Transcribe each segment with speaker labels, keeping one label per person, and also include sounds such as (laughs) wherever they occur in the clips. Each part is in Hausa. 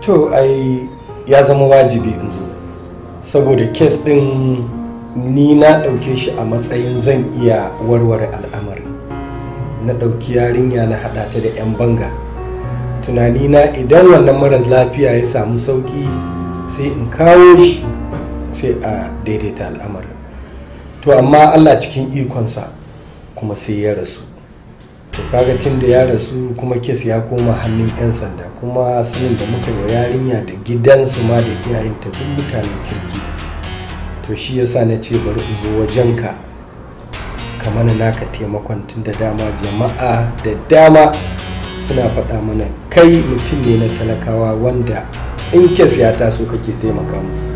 Speaker 1: to ya zama wajibi in zo saboda kes din ni na dauke shi a matsayin zan iya warware al'amari na dauki yarinya na hada ta da 'yan banga tunani na idan wannan maras lafiya ya samu sauki sai in kawo shi sai a daidaita al'amarin to amma allah cikin ikonsa kuma sai ya rasu to kaga tun da ya rasu kuma kes ya koma hannun 'yan sanda kuma sanin da muka yi yarinya da gidansu ma da iyayen ta duk mutanen kirki to shi yasa na ce bari in zo wajen ka mana naka taimakon tun da dama jama'a da dama suna faɗa mana kai mutum ne na talakawa wanda in kes ya taso kake taimaka musu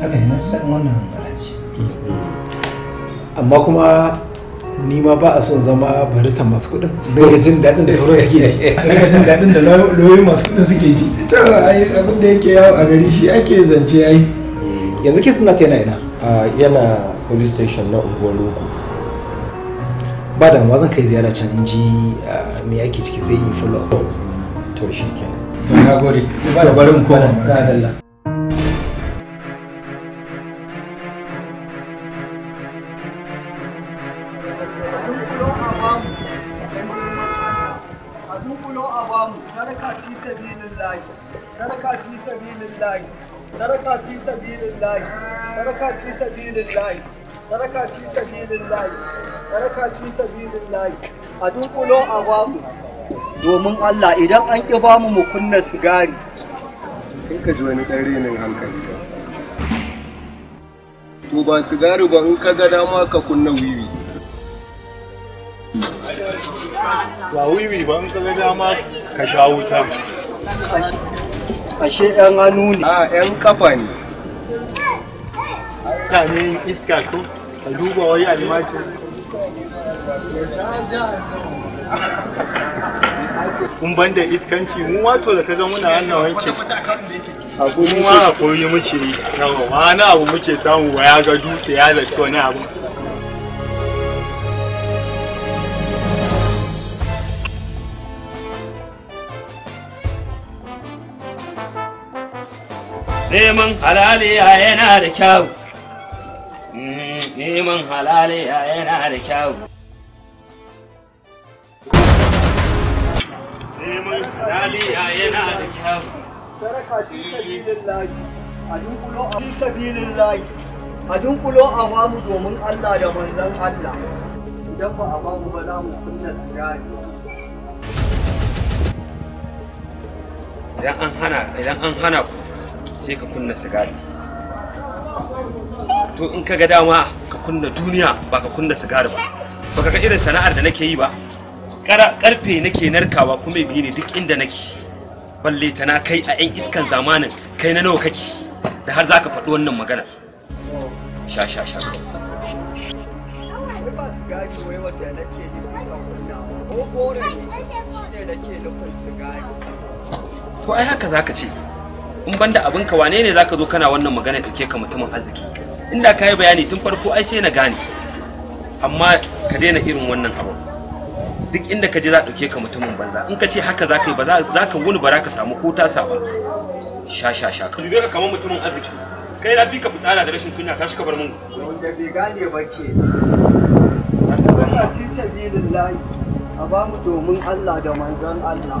Speaker 2: haka ne na san wannan alhaji
Speaker 1: mm-hmm. amma
Speaker 2: kuma ni ma ba a son zama barista masu kuɗin ga jin daɗin da sauran suke ji ga jin daɗin da lauyoyi masu kuɗin suke ji to ai abin da yake yawo a gari shi ake zance ai yanzu ke suna yana ina
Speaker 1: yana police station na unguwar loko
Speaker 2: ba damuwa zan kai ziyara can in ji me ake ciki sai in follow
Speaker 1: up to shi kenan to na gode ba da barin koma da Allah
Speaker 3: dunkulo a bamu dan girman Allah a dunkulo a bamu sadaka fi sabilillahi sadaka fi sabilillahi sadaka fi sabilillahi sadaka fi sabilillahi sadaka fi sabilillahi sadaka fi sabilillahi a dunkulo a bamu domin Allah idan an ƙi bamu mu kunna sigari kai ka ji wani ɗan renin hankali
Speaker 1: to ba sigari ba in ka ga dama ka kunna
Speaker 3: wiwi ba wiwi ba in ka ga dama ka sha wuta ashe yan hannu ne a ah, yan kafa ne ta ne iska ko ka duba wai almaci kun ban da iskanci mu wato da kaga muna wannan wanke a kuma akwai muke yawa wani abu muke samu ba ya ga dutse ya zato wani abu neman halali mm, yana da kyau neman halali
Speaker 4: yana da kyau neman halali
Speaker 3: yana da kyau saraka fi sabilin layi a dunkulo a fi a dunkulo a famu domin Allah da manzan Allah idan ba a famu ba za mu kunna sigari
Speaker 5: idan an hana ku sai ka kunna sigari to in ka ga dama ka kunna duniya ba ka kunna sigari ba Ba ka ga irin sana'ar da nake yi ba karfe nake narkawa kuma
Speaker 6: biyu ne duk inda nake balle ta na kai a 'yan iskan zamanin kai na nawa kake
Speaker 3: da har za ka faɗi wannan magana sha sha sha
Speaker 6: ko ai haka zaka ce in banda abin ka wane ne zaka zo kana wannan magana dauke ka mutumin arziki inda ka yi bayani tun farko ai sai na gane amma ka daina irin wannan abu duk inda ka je za dauke ka mutumin banza in ka ce haka za ka yi ba za ka wuni ba za ka samu ko tasa ba sha sha sha ka dube ka kamar mutumin arziki kai na bi ka fitsara da rashin kunya tashi ka bar mun wanda bai gane ba ke
Speaker 3: fi sabilillahi a ba mu domin Allah da manzon Allah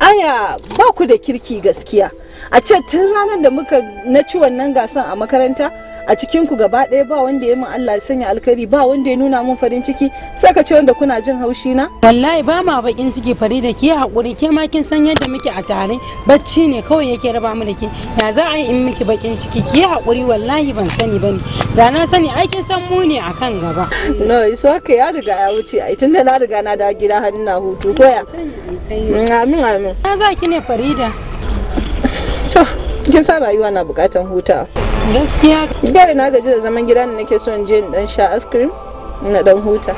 Speaker 7: aya ba ku da kirki gaskiya a ce tun ranar da muka na ci wannan gasan a makaranta a cikin ku gaba ɗaya ba wanda ya min Allah ya sanya alkhairi ba wanda ya nuna min farin ciki sai ka ce wanda kuna jin haushi na wallahi ba ma bakin ciki Farida ke hakuri ke ma kin san yadda muke a tare bacci ne kawai yake raba mu da ke ya za a yi in miki bakin ciki ke hakuri wallahi ban sani bane da na sani ai kin san mu ne akan gaba no iso ka ya riga ya wuce ai tunda na riga na da gida har ina hutu to ya mm, amin amin na za ki ne Farida to kin san rayuwa na bukatan hutawa. gaskiya gaskiya na gaji da zaman gida ne nake so in je in dan sha ice cream na dan huta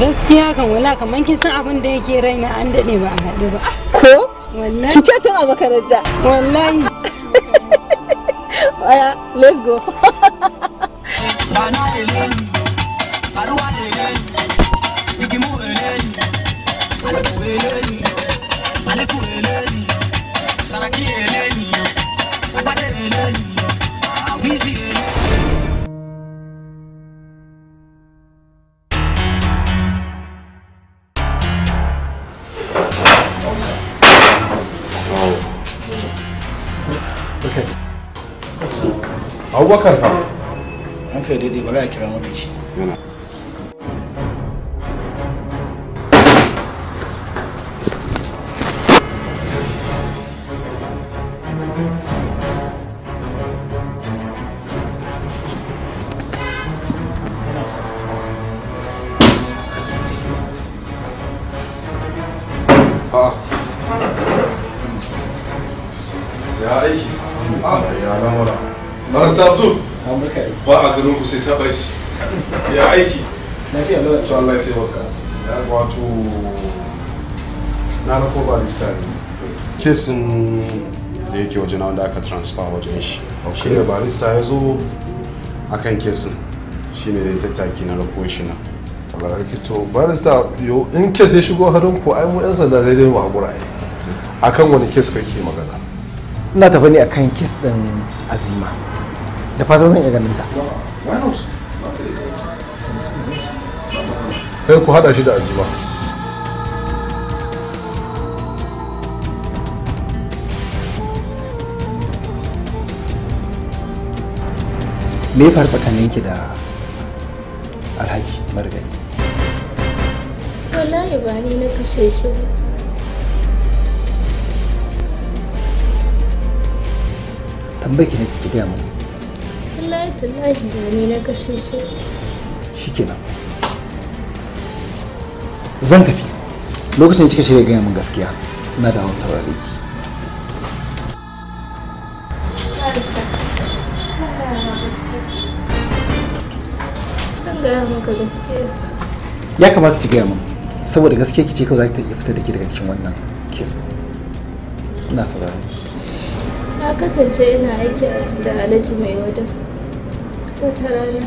Speaker 7: gaskiya kan wala kaman kin san abin da yake raina an dade ba a haɗu ba ko wallahi ki ce tun a makaranta wallahi
Speaker 8: aya (laughs) let's go
Speaker 6: Sana ki eleni
Speaker 1: abubakar ka an kai daidai ba za a kira maka shi
Speaker 5: Allah ya taimaka wato na rakoba this time kesin da yake wajen wanda aka transfer wajen shi shi ne barista ya zo a kan kesin shi ne da ya
Speaker 1: tattaki na rako shi na to barista yo in kes ya shigo hadin ko ai mu yan
Speaker 9: sanda zai dai ba hakura ai akan wani kes kake magana
Speaker 2: ina tafi ne akan kes din azima da fatan zan iya ganin ta
Speaker 9: why not sai ku haɗa shi da azima
Speaker 2: me ya faru tsakaninki da alhaji marigayi
Speaker 7: wallahi ba ni na kashe shi ba
Speaker 2: tambayki ne ki gaya mu
Speaker 7: wallahi tallahi ba ni na kashe shi
Speaker 2: shikenan zan tafi lokacin da kika shirya gaya min gaskiya na da hawan saurare ki ya kamata ki gaya min saboda gaskiya ki kawai za ta iya fitar da ke daga cikin wannan kes ina sauraron ki
Speaker 7: na kasance ina aiki a da alaji mai ko ta rana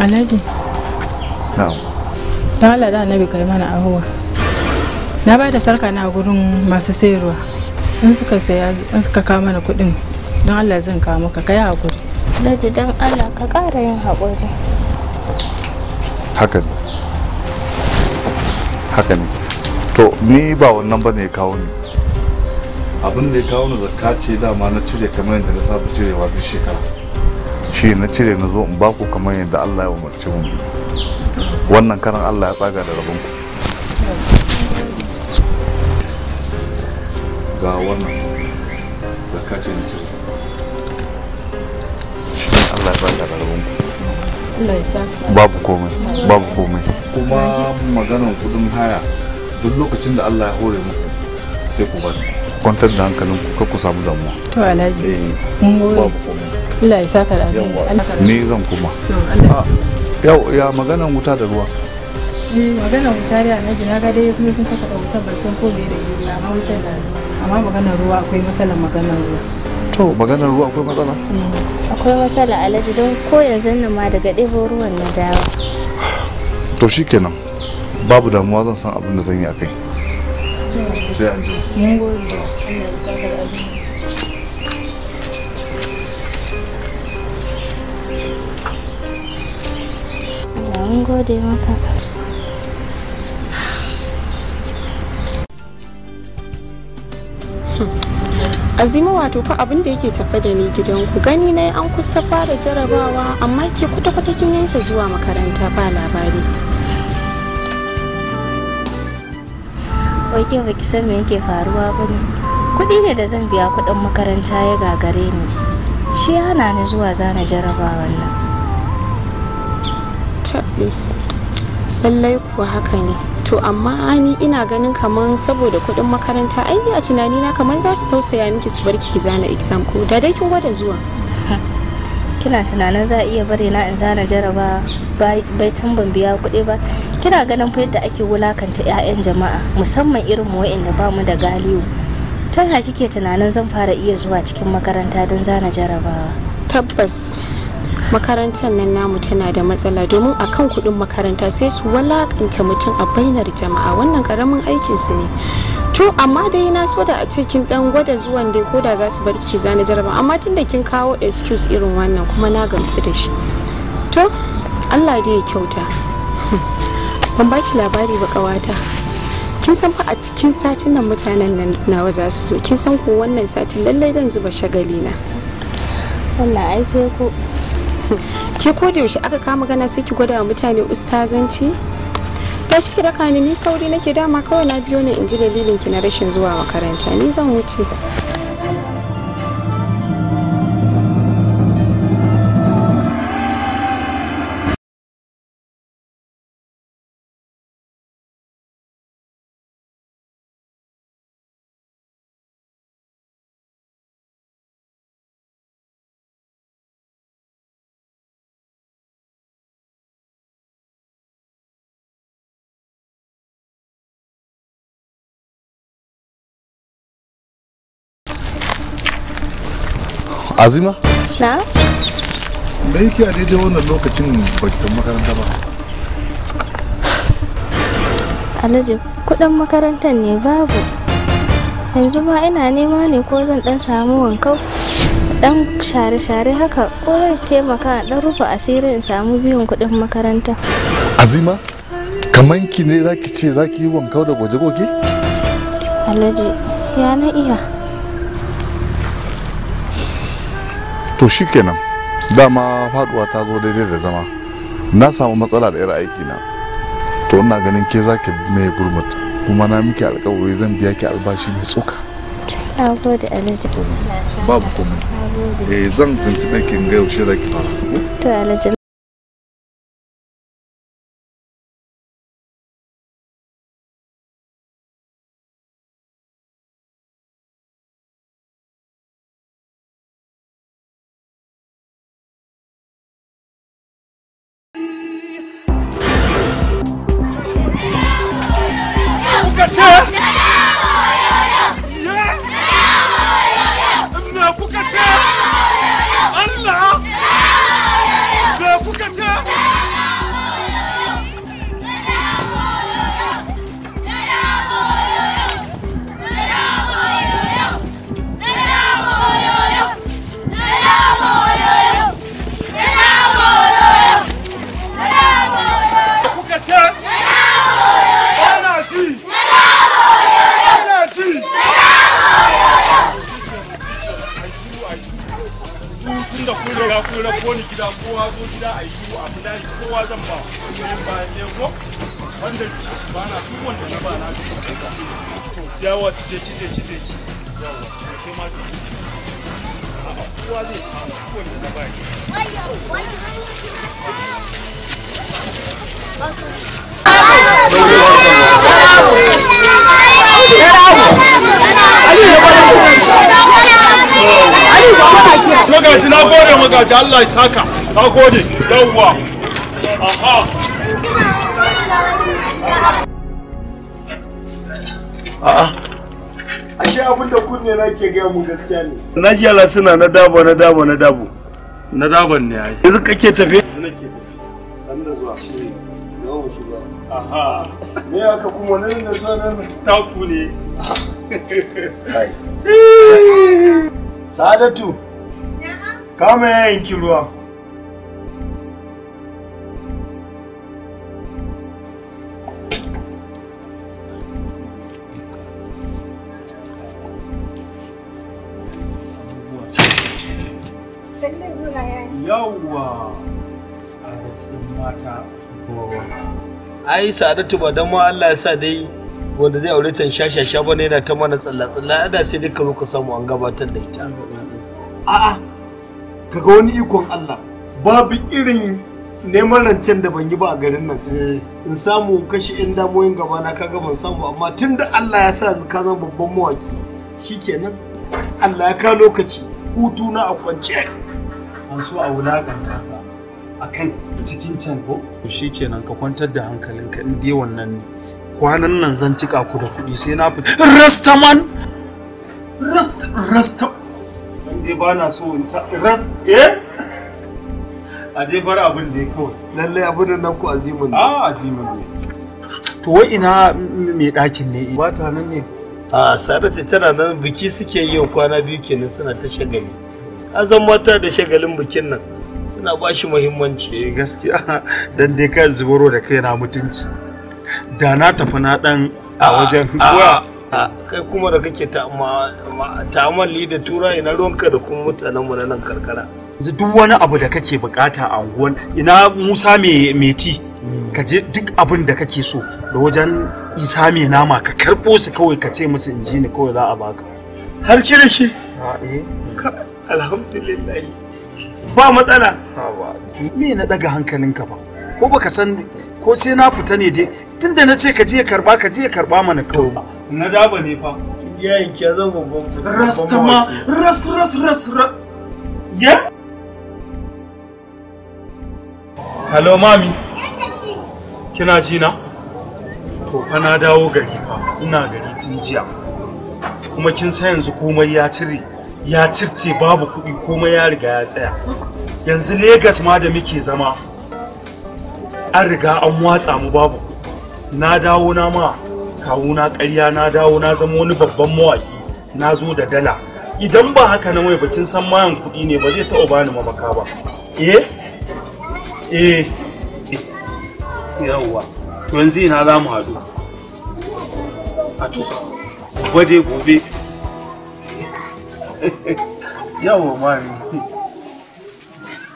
Speaker 7: alhaji na'am dan Allah da annabi kai mana ahuwa na ba da sarka na gurin masu sayarwa in suka saya in suka kawo mana kudin don Allah zan kawo maka kai hakuri alhaji dan Allah ka kara yin hakuri
Speaker 10: haka ne haka ne to ni ba wannan ba ne kawo ni abin da ya kawo ni zakka ce dama na cire kamar yadda na saba cirewa duk shekara shi na cire na zo in ba ku kamar yadda Allah ya umarci mu wannan karan Allah ya tsaga da rabon ku ga wannan zakacin ce na cire shi Allah ya tsaga da rabon
Speaker 4: ku babu komai babu komai
Speaker 10: kuma maganar kudin haya duk lokacin da Allah ya hore muku sai ku bari kwantar da hankalin ku ku samu damuwa
Speaker 7: to alhaji eh, Allah ya saka da ni zan
Speaker 10: kuma ah, yau ya maganan wuta da ruwa
Speaker 7: eh, maganar wuta da alhaji na ga dai sun sun wutar da yi amma wutar da amma maganar ruwa akwai matsalar maganar ruwa
Speaker 10: to maganar ruwa akwai matsala mm.
Speaker 7: akwai matsala alhaji don ko yanzu nan ma daga ɗebo ruwan na dawo
Speaker 10: to shikenan babu damuwa zan san abin da zan yi akai
Speaker 4: sai an ji
Speaker 7: wato fa abin da yake tafa da ni gidanku gani na an kusa fara jarabawa amma ke kwata-kwata kin yanke zuwa makaranta ba labari wai ba ki san me yake faruwa ba ne kuɗi ne da zan biya kuɗin makaranta ya gagare ni shi hana ni zuwa zana jaraba wannan tabbi lallai kuwa haka ne to amma ni ina ganin kaman saboda kuɗin makaranta ai a tunani na kaman za su tausaya miki su barki ki zana exam ko da dai kin gwada zuwa kina tunanin za a iya bare na in zana jaraba bai ban biya kuɗi ba kina ganin fa yadda ake wulakanta 'ya'yan jama'a musamman irin wa'in da ba mu da galiyu tun ya kike tunanin zan fara iya zuwa cikin makaranta don zana jarabawa tabbas makarantar nan namu tana da matsala domin a kan kudin makaranta sai su walakanta mutum a bainar jama'a wannan karamin aikin su ne to amma dai na so da a cikin kin dan gwada zuwan dai ko da za su bar ki zana jaraba amma tun da kin kawo excuse irin wannan kuma na gamsu da shi to Allah dai ya kyauta ban ba ki labari ba kawata kin san fa a cikin satin nan mutanen nan nawa za su zo kin san ko wannan satin lallai zan zuba shagali na wallahi ai sai ko ke ko da yaushe aka kama gana sai ki gwada wa mutane ustazanci ta shi kira ni ni sauri nake dama kawai na biyo ne in ji dalilin ki na rashin zuwa makaranta ni zan
Speaker 11: wuce azima na
Speaker 10: Me yake a daidai wannan lokacin bakitan makaranta ba
Speaker 7: alhaji kudin makarantar ne babu yanzu ma ina nema ne ko zan dan samu wankau dan share-share haka ko zai taimaka dan rufe asiri in samu biyan kudin makaranta
Speaker 10: azima kaman ki ne zaki ce zaki yi wankau da goje-goge
Speaker 7: alhaji ya na iya
Speaker 10: to shikenan dama faduwa ta zo daidai da zama na samu matsala da yara aiki na to ina ganin ke zaki mai gurmata kuma na miki alkawari zan biya ki albashi mai tsoka
Speaker 11: alhaji babu komai eh zan tuntube ki ga yaushe zaki fara to alhaji
Speaker 6: da Allah ya saka na gode yawwa
Speaker 4: aha
Speaker 3: a'a ashe abin da kunne na ke gaya mu gaskiya ne na ji ala suna na dabo na dabo na dabo na daban ne ai yanzu kake tafe yanzu nake tafe da zuwa shi zuwa shiga aha me aka kuma nan da zuwa nan taku ne Sadatu. kama yayanki ruwa
Speaker 1: yawwa sa'adatu mata
Speaker 3: ai sa'adatu ba don ma Allah ya sa dai wanda zai aure ta shashasha ba ne na ta mana tsalla-tsalla da sai duka zo ka samu an gabatar da ita a'a kaga wani ikon Allah babu irin neman rancen da ban yi ba a garin nan eh. in samu kashe in damoyin gaba na kaga ban samu amma tun da Allah ya sa ka zama babban mawaki shikenan
Speaker 6: Allah ya ka lokaci hutu na a kwance an so a wulakanta ka kan cikin can ko shikenan ka kwantar da ka in dai wannan ne kwanan nan zan cika ku da kuɗi sai na fita rastaman rastaman dai ba na so in ras eh a je bar abin da ya kawai lallai abin nan ku azimin ne a ah, azimin ne to wai ina mai ɗakin ne ba ta nan
Speaker 3: ne a sadatu tana nan biki suke yi kwana biyu kenan suna ta shagali azan mata da shagalin bikin nan suna
Speaker 6: ba shi muhimmanci Eh, gaskiya dan dai ka zubaro da kai na mutunci da na tafi na dan a wajen
Speaker 3: kai kuma da kake ta'amalli da tura ina ruwanka da kuma mutanen mu na nan karkara
Speaker 6: yanzu duk wani abu da kake bukata a unguwan ina musa mai ci hmm. ka je duk abin da kake so da wajen isa mai nama ka karbo su kawai ka ce musu inji ne kawai za a baka har ki da shi eh. alhamdulillah ba matsala me na daga hankalinka ba ko baka san ko sai na fita ne dai tunda na ce ka je karba ka je karba mana kawai na daba ne fa yayin ke zan babban rastama ras ras ras ras ya hello mami kina ji na to fa na dawo gari fa ina gari tun jiya kuma kin san yanzu komai ya cire ya circe babu kuɗi komai ya riga ya tsaya yanzu Legas ma da muke zama an riga an watsa mu babu na dawo na ma kawuna ƙarya na dawo na zama wani babban mawaƙi na zo da dala idan ba haka na mai bakin san mayan kuɗi ne ba zai taɓa bani mamaka ba eh eh yawwa yanzu ina za mu haɗu a tuka gwade gobe (laughs) yawwa mami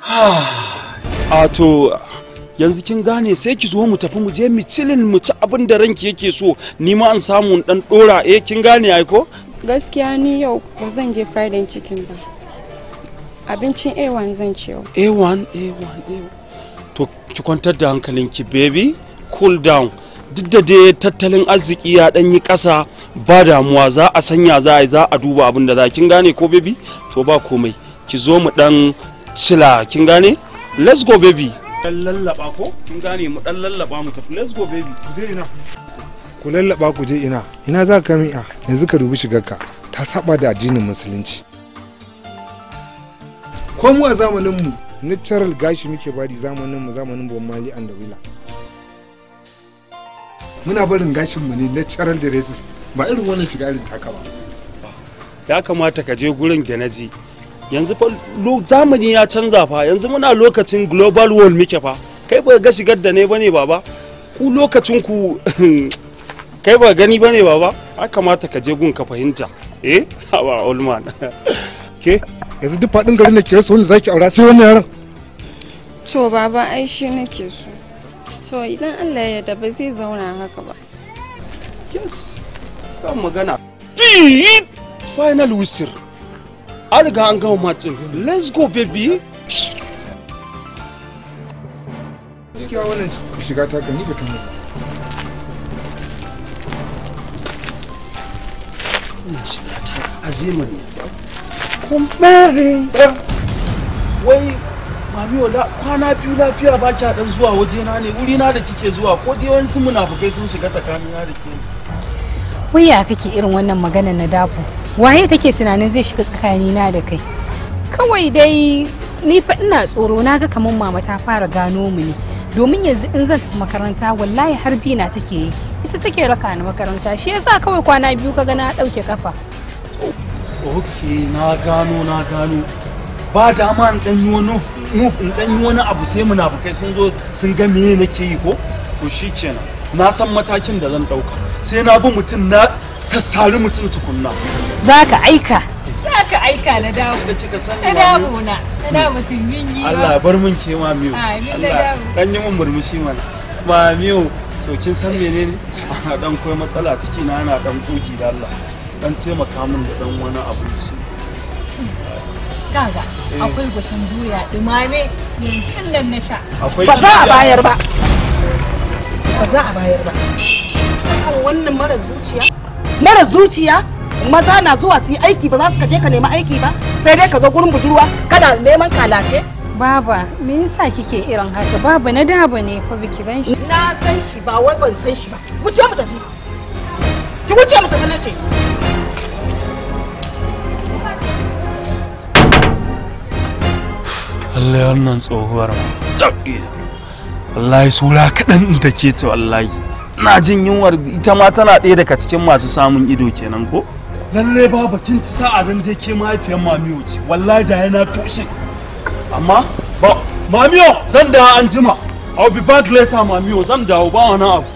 Speaker 6: (sighs) a to yanzu kin gane sai ki zo mu tafi mu je mu cilin mu ci abin da ranki yake so ni ma an samu dan dora eh kin gane ai ko gaskiya ni yau
Speaker 7: ba zan je fried chicken ba abincin A1 zan ci yau
Speaker 6: A1 A1 A1 to ki kwantar da hankalinki baby cool down duk da dai tattalin arziki ya dan yi kasa ba damuwa za a sanya za a yi za a duba abin da za kin gane ko baby to ba komai ki zo mu dan cila kin gane let's go baby dan lallaba ko kin gane mu dan lallaba mu tafi let's go baby je ina
Speaker 9: ku lallaba ku je ina ina za ka mi'a yanzu ka dubi shigarka ta saba da addinin musulunci ko mu a zamanin mu natural gashi muke bari zamanin mu zamanin bon mali and wila muna barin gashin mu ne natural resus ba irin wannan shiga irin taka ba
Speaker 6: ya kamata ka je gurin ganaji yanzu fa zamani ya canza fa yanzu muna lokacin global world muke fa kai ba ga shigar da ne bane baba ku lokacin ku (laughs) kai ba gani bane baba a kamata ka je gun ka fahimta eh (laughs) ba olman (laughs) ke
Speaker 3: yanzu duk fadin garin da ke so ne zaki aura sai wannan yaran
Speaker 7: to baba ai shi nake so to idan
Speaker 6: Allah ya yarda ba zai zauna haka ba yes kan magana final whistle an riga an gama matsin let's go baby
Speaker 9: gaskiya wannan shiga ta gani ba ta
Speaker 6: wannan shiga ta azima ne kumbere wai mami wala kwana biyu lafiya ba ki dan zuwa waje na ne wuri na da kike zuwa ko dai muna munafukai sun shiga tsakanina da ke
Speaker 12: wai ya kake irin wannan magana na dafo waye kake tunanin zai shiga tsakanina da kai kawai dai ni fa ina tsoro na ga kamar mama ta fara gano mu ne domin yanzu in zan tafi makaranta wallahi har bina take yi ita take raka ni makaranta shi yasa kawai kwana biyu kaga na dauke kafa
Speaker 6: ok na gano na gano ba dama in dan yi wani in dan yi wani abu sai munafukai sun zo sun ga me nake yi ko to shikenan na san matakin da zan dauka sai na bi mutum na sassari mutum tukunna za ka aika
Speaker 12: za ka aika na dawo da kika sani na dawo na na dawo mutum min yi Allah bar
Speaker 6: mun ke ma miyo Allah dan yi mun murmushi mana ma miyo to kin san menene ana (laughs) dan koyi matsala ciki na ana dan koki da Allah dan taimaka min da dan wani abinci
Speaker 12: kaga eh. akwai gutun doya dumame
Speaker 7: yanzu nan na sha
Speaker 12: ba za a bayar ba
Speaker 7: ba za a bayar ba kan wannan mara zuciya mara zuciya maza na zuwa su yi aiki ba za su kaje ka nemi aiki ba sai dai ka zo gurin budurwa kana neman kalace Baba, me
Speaker 12: yasa kike irin haka? Baba na daba ne fa biki gan shi. Na san shi
Speaker 7: ba wai ban san shi ba. Wuce mu tafi. Ki wuce mu tafi nace.
Speaker 6: Allah wannan tsohuwar. Wallahi sura kaɗan take ta wallahi. ina jin yunwar ita ma tana ɗaya daga cikin masu samun ido kenan ko lalle ba bakin ci sa'a dan da yake mahaifiyar mamiyo ce wallahi da yana toshe amma ba mamiyo zan dawo an jima i'll be back later mamiyo zan dawo ba wani abu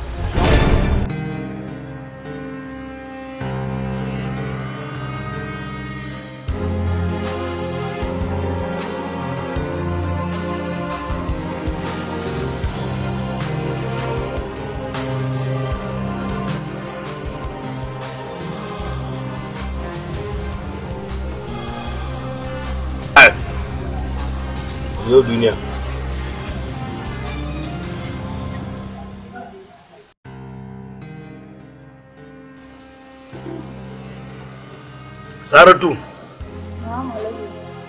Speaker 3: saratu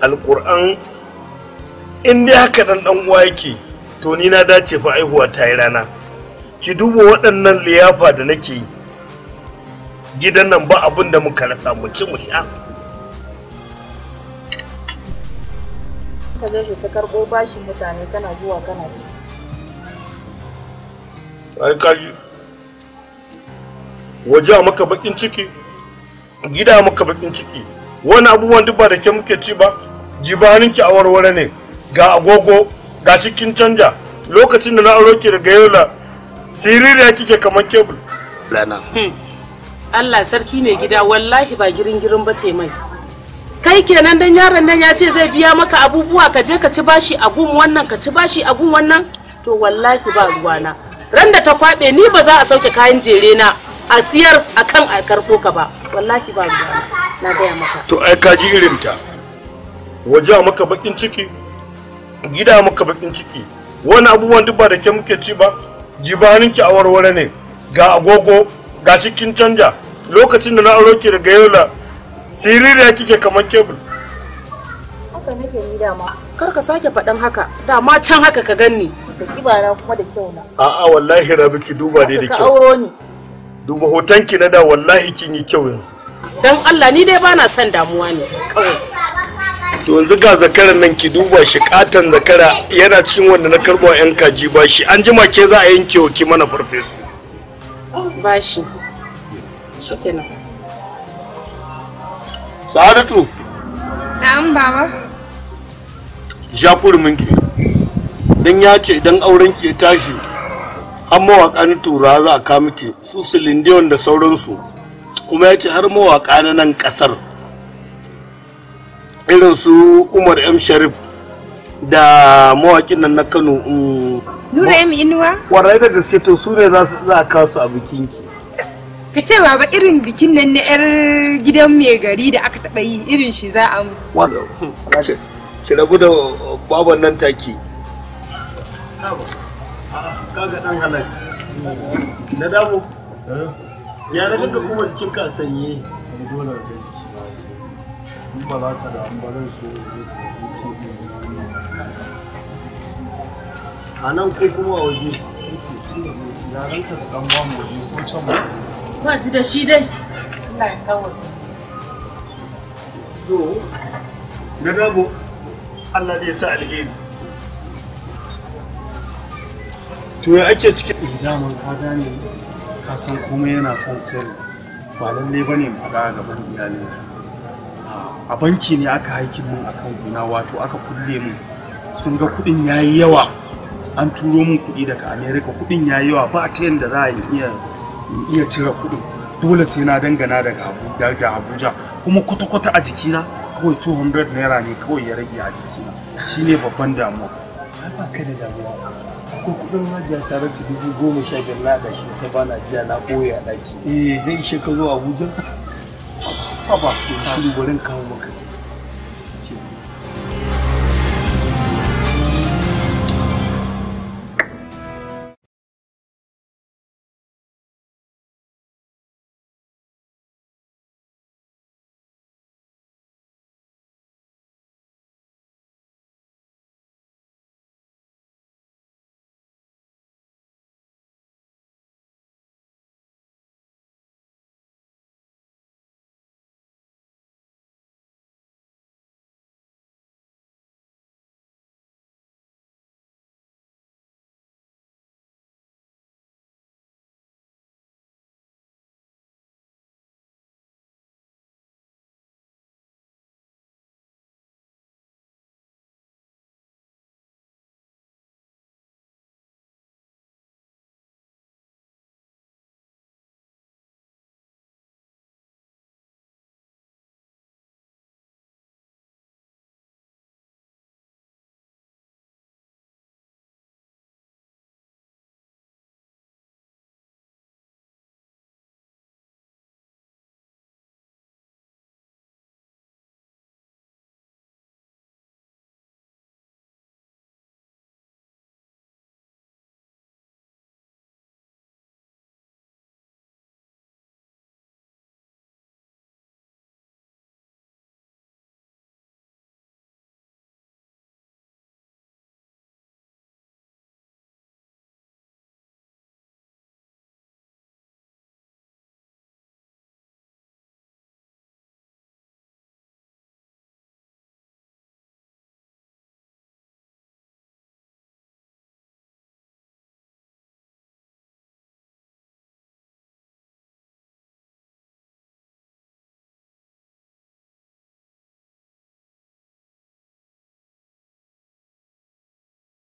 Speaker 3: alƙur'an in dai haka dan dan uwa yake to ni na dace fa aihuwa ta yi rana ki duba waɗannan liyafa da nake yi gidan nan ba abin da muka rasa mu ci mu sha
Speaker 7: ka je ta karɓo bashin mutane kana zuwa kana ci
Speaker 3: ai kaji waje maka bakin ciki gida maka bakin ciki wani abubuwan duk ba da ke muke ci ba jibaninki a warware ne ga agogo ga cikin canja lokacin da na aure ki daga yola siririya kike kamar kebul lana
Speaker 7: hmm. Allah sarki mai gida wallahi ba girin girin ba ce mai kai kenan dan yaron nan ya ce zai biya maka abubuwa ka je ka ci bashi a gun wannan ka ci bashi a gun wannan to wallahi ba ruwana ran da ta kwabe ni ba za a sauke kayan jere na a siyar akan a karko ka ba wallahi ba na gaya maka
Speaker 3: to ai ka ji irin ta waje maka bakin ciki gida maka bakin ciki wani abubuwan duk ba da ke muke ci ba jibaninki a warware ne ga agogo ga cikin canja lokacin da na aro ki daga yola siririya kike kamar kebul
Speaker 7: haka nake ni dama kar ka sake faɗan haka dama
Speaker 3: can haka ka ganni
Speaker 7: da kibara kuma da kyau na
Speaker 3: a'a wallahi rabi ki duba ne da kyau ka auro ni duba hotonki na da wallahi kin yi kyau yanzu
Speaker 7: dan Allah ni dai bana son damuwa
Speaker 3: ne to yanzu ga zakaran nan ki duba shi katan zakara yana cikin wanda na karbo yan kaji ba shi an jima ke za a yanke wa ki mana farfesu
Speaker 7: ba shi shikenan Sa'adatu na'am baba
Speaker 3: ja kurumin ki dan ya ce idan auren ki ya tashi an mawaka na turawa za a kawo miki su silindiyon da sauransu kuma ya ce har mawaka na nan kasar irin su umar m sharif da mawakin nan na kano um, nura m inuwa warai da gaske to su ne za a kawo su a ki.
Speaker 7: ka ce ba irin bikin nan na 'yar gidan mai gari da aka taɓa yi irin shi za a mu.
Speaker 3: Wanda, (laughs) ki rabu da baban nan take. kaga dan halak na dabo eh? ya na ganka kuma jikin ka sanye ne dole da jiki ba sai in ba za ka da an barin su a nan ko kuma a waje yaran ka su dan ba mu waje ko can ba
Speaker 7: ba ji da shi dai Ina ya sauwa
Speaker 3: to na dabo Allah ne ya sa alheri
Speaker 6: to ya ake cikin eh, damar ka gane ka san komai yana son sirri ba lalle bane mu ga gaban iyalin a banki ne aka haikin mun akan guna wato aka kulle mun sun ga kudin yayi yawa an turo mun kudi daga america kudin yayi yawa ba ta yanda za a iya iya cire kudin dole sai na dangana daga abuja kuma kwata-kwata a jikina kawai 200 naira ne kawai ya rage a jikina shine babban damuwa
Speaker 3: ba ka da damuwa ko kudin hajiya saratu dubu goma sha biyar na gashi ta bana jiya na koya a ɗaki eh zai ishe ka zo abuja ba ba shiru barin
Speaker 1: kawo
Speaker 11: maka sai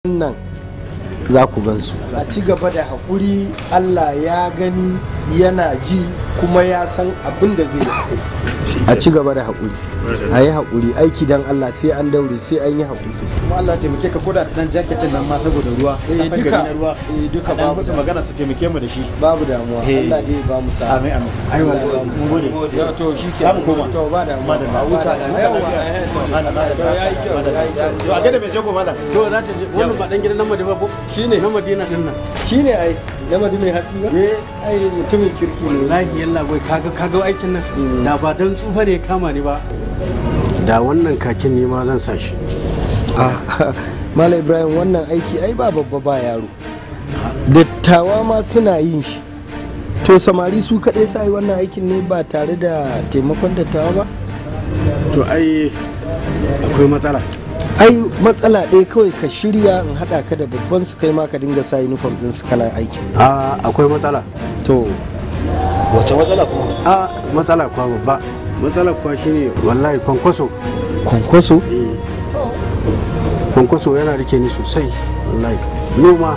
Speaker 11: nan za ku gansu a ci gaba da haƙuri allah ya gani
Speaker 1: yana ji kuma ya san abin da zai a ci gaba da haƙuri a yi haƙuri aiki don allah sai an daure sai an yi haƙuri kuma allah taimake ka koda ta nan jaketin nan ma saboda ruwa eh, duka na ruwa eh, duka ba musu magana su taimake mu da shi babu damuwa eh. allah dai ba mu sa amin amin ai wa mun gode to shi ke mu koma to ba da ma da huta ya yi kyau a
Speaker 4: mai to na
Speaker 1: ta wannan ba dan gidan nan da ba shi shine na madina din nan shine ai na madina mai hatsi ba eh ai mutumin kirki ne lahi yalla bai kaga kaga aikin nan hmm. da ba dan tsufa ne kama ni ba da wannan kakin ne ma zan sa shi ah, (laughs) Mala Ibrahim wannan aiki ai ba babba ba yaro dattawa ma suna yin shi to samari su kaɗai sa yi wannan aikin ne ba tare da taimakon dattawa ba to ai akwai matsala ai matsala ɗaya kawai ka shirya in haɗa ka da babban su kai ma ka dinga sa uniform din su kana aiki a akwai matsala to wace matsala kuma a matsala kuwa babba matsala kuwa shine wallahi kwankwaso kwankwaso eh. kwankwaso yana rike ni sosai wallahi noma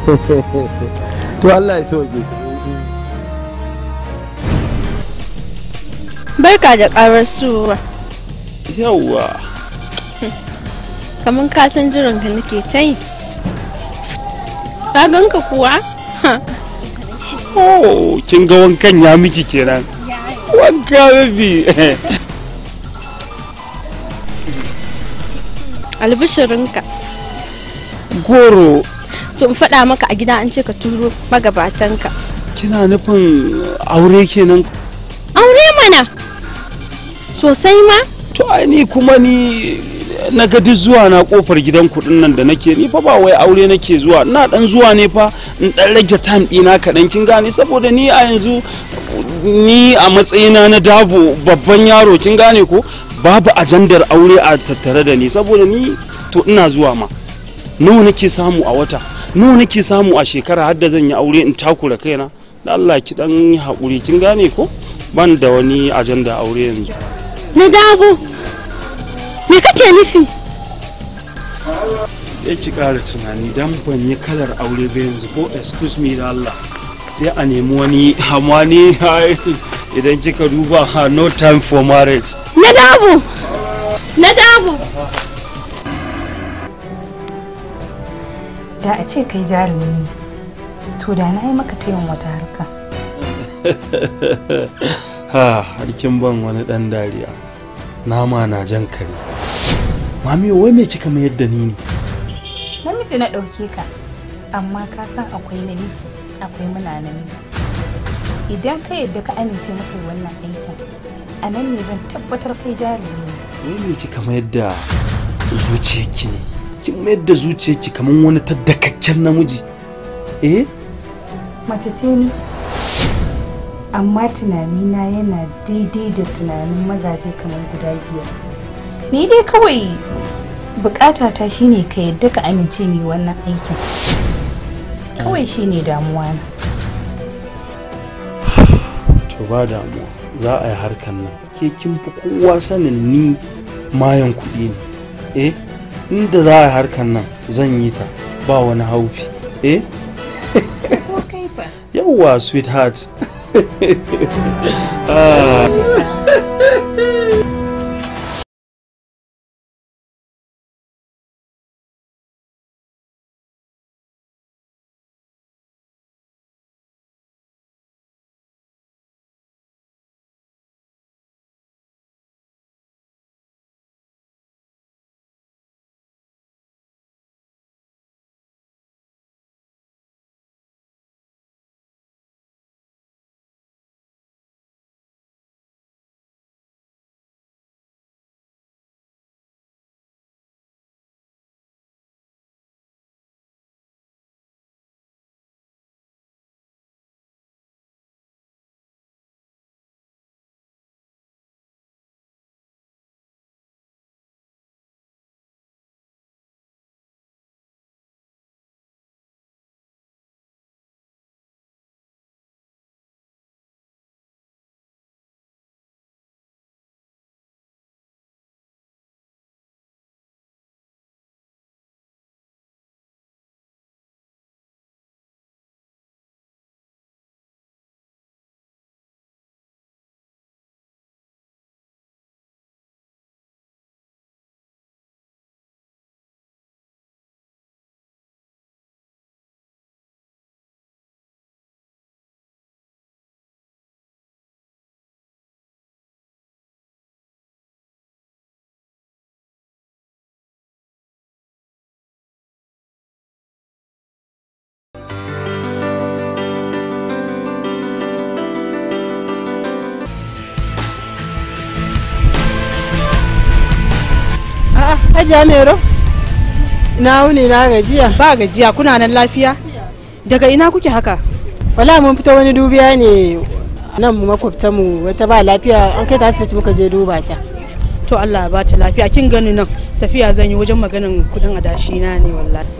Speaker 1: (laughs) to Allah ya soke
Speaker 7: barka da karar
Speaker 6: suwa yawwa
Speaker 7: kamar ka san jiran ka nake ta yi ka ka kuwa (laughs)
Speaker 6: oh kin ga wankan ya miki kenan wanka baby
Speaker 7: (laughs) albishirinka goro to in faɗa maka a gida an ce ka turo magabatanka
Speaker 6: kina nufin aure kenan aure mana sosai ma to ni kuma ni na ga duk zuwa na kofar gidan kuɗin nan da nake ni fa ba wai aure nake zuwa ina ɗan zuwa ne fa in dan rage time ɗina kaɗan kin gane saboda ni a yanzu ni a matsayina na dabo babban yaro kin gane ko babu ajandar aure a tattare da ni saboda ni to ina zuwa ma nawa nake samu a wata nawa nake samu a shekara har da zan yi aure in takura kaina da Allah ki dan haƙuri kin gane ko ban da wani ajanda aure yanzu na dabo me kake nufi ya ci kara tunani don ban yi kalar aure ba yanzu ko excuse me da Allah sai a nemi wani hamani idan kika duba no time for marriage
Speaker 7: na dabu
Speaker 4: na dabu
Speaker 12: da a ce kai jarumi ne to da na yi maka tayin wata harka
Speaker 6: (laughs) ha harkin ban wani dan dariya nama na jan kare mami wai me kika mayar da ni ne
Speaker 12: namiji na ɗauke ka amma ka san akwai namiji akwai muna namiji idan ka yadda ka amince maka wannan aikin a nan ne zan tabbatar kai jarumi
Speaker 6: wai me kika mayar da zuciyarki ne kin mayar da zuciyarki kamar wani taddakakken namiji eh
Speaker 12: mace ce ni amma tunanina yana daidai da tunanin mazaje kamar guda biyar ni dai kawai bukata ta shine ka yadda ka amince ni wannan aikin kawai shine damuwa na
Speaker 6: to ba damuwa za a yi harkan nan ke kin fi kowa sanin ni mayan kuɗi ne eh inda za a yi harkan nan zan yi ta ba wani haufi eh yawwa
Speaker 11: sweetheart (laughs) ah.
Speaker 7: Hajiya Mero. Na wuni na gajiya. Ba gajiya kuna nan lafiya? Daga ina kuke haka? Wala mun fita wani dubiya ne nan makwabtan mu wata ba lafiya an kai ta asibiti muka je duba ta. To Allah ba ta lafiya kin gani nan tafiya zan yi wajen maganin kudin adashi na ne wallahi.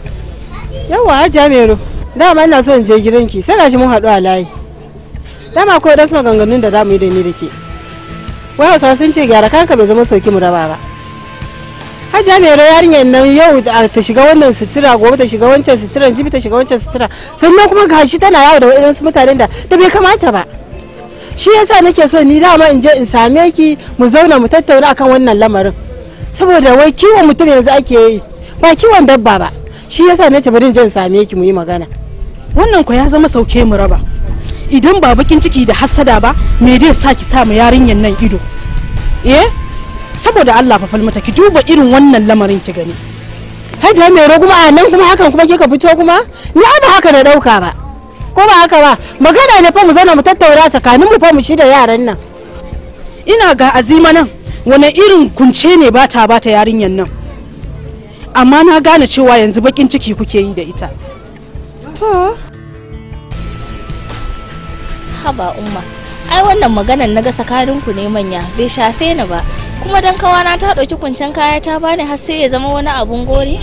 Speaker 7: Yawa Hajiya Mero. Dama ina so in je gidanki sai gashi mun haɗu a layi. Dama akwai wadansu maganganun da za mu yi da ni da ke. Wai hausawa sun ce gyara kanka bai zama soki mu raba ba. hajiya mai da yarinyar nan yau ta shiga wannan sutura gobe ta shiga wancan sutura jibi ta shiga wancan sutura sannan kuma gashi tana yawo da su mutanen da da bai kamata ba shi yasa nake so ni dama in je in same ki mu zauna mu tattauna akan wannan lamarin saboda wai kiwon mutum yanzu ake yi ba kiwon dabba ba shi yasa nace bari in je in same ki mu yi magana wannan ko ya zama sauke mu raba idan ba bakin ciki da hassada ba me dai sa ki sa mu yarinyar nan ido eh saboda Allah fa falmata ki duba irin wannan lamarin ki gani hajiya mai ro kuma nan kuma hakan kuma ka fito kuma ni ana haka na dauka ba ko ba haka ba magana ne fa mu zauna mu tattaura tsakanin mu fa mu shi da yaran nan ina ga azima nan wani irin kunce ne ba ta ba yarinyan nan amma na gane cewa yanzu bakin ciki kuke yi da ita to haba umma ai wannan maganan na ga sakarinku ne manya bai shafe ni ba kuma dan kawana ta ɗauki kuncin kaya ta bani har sai ya zama wani abun gori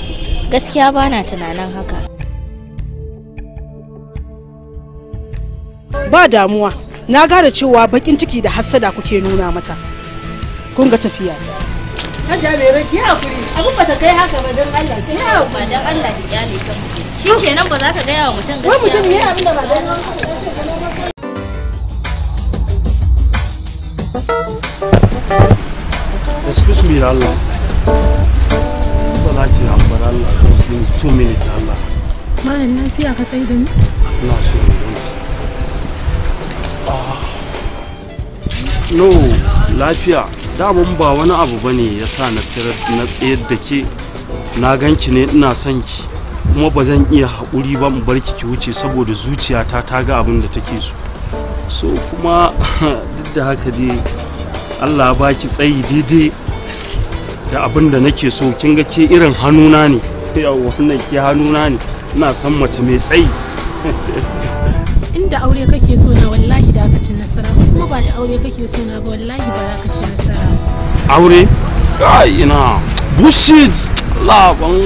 Speaker 7: gaskiya bana tunanin haka ba damuwa na gane cewa bakin ciki da hassada kuke nuna mata kun ga tafiya Hajja mai raki ya kuri abin ba ta kai haka ba don Allah ki ya ba don Allah ki kyale ta shi kenan ba za ka ga yawa mutum gaskiya ba mutum ya abin da ba
Speaker 4: don
Speaker 6: excuse me Allah ki Allah two minutes Allah
Speaker 7: malam lafiya ka tsaye da ni
Speaker 6: so ne ah. no lafiya ba wani abu bane ya sa na na tsayar da ke na ganki ne ina son ki kuma ba zan iya haƙuri ba mu bar ki ki wuce saboda zuciyata ta ga abin da take so so kuma duk da haka dai allah ba ki tsayi daidai da abin da nake so kin ga ce irin hannuna ne yawa wannan ke hannuna ne ina san mace mai tsayi
Speaker 7: inda aure kake so na wallahi da aka ci nasara kuma ba da aure kake so na ba wallahi ba aka ci
Speaker 6: nasara aure kai ina bushid laban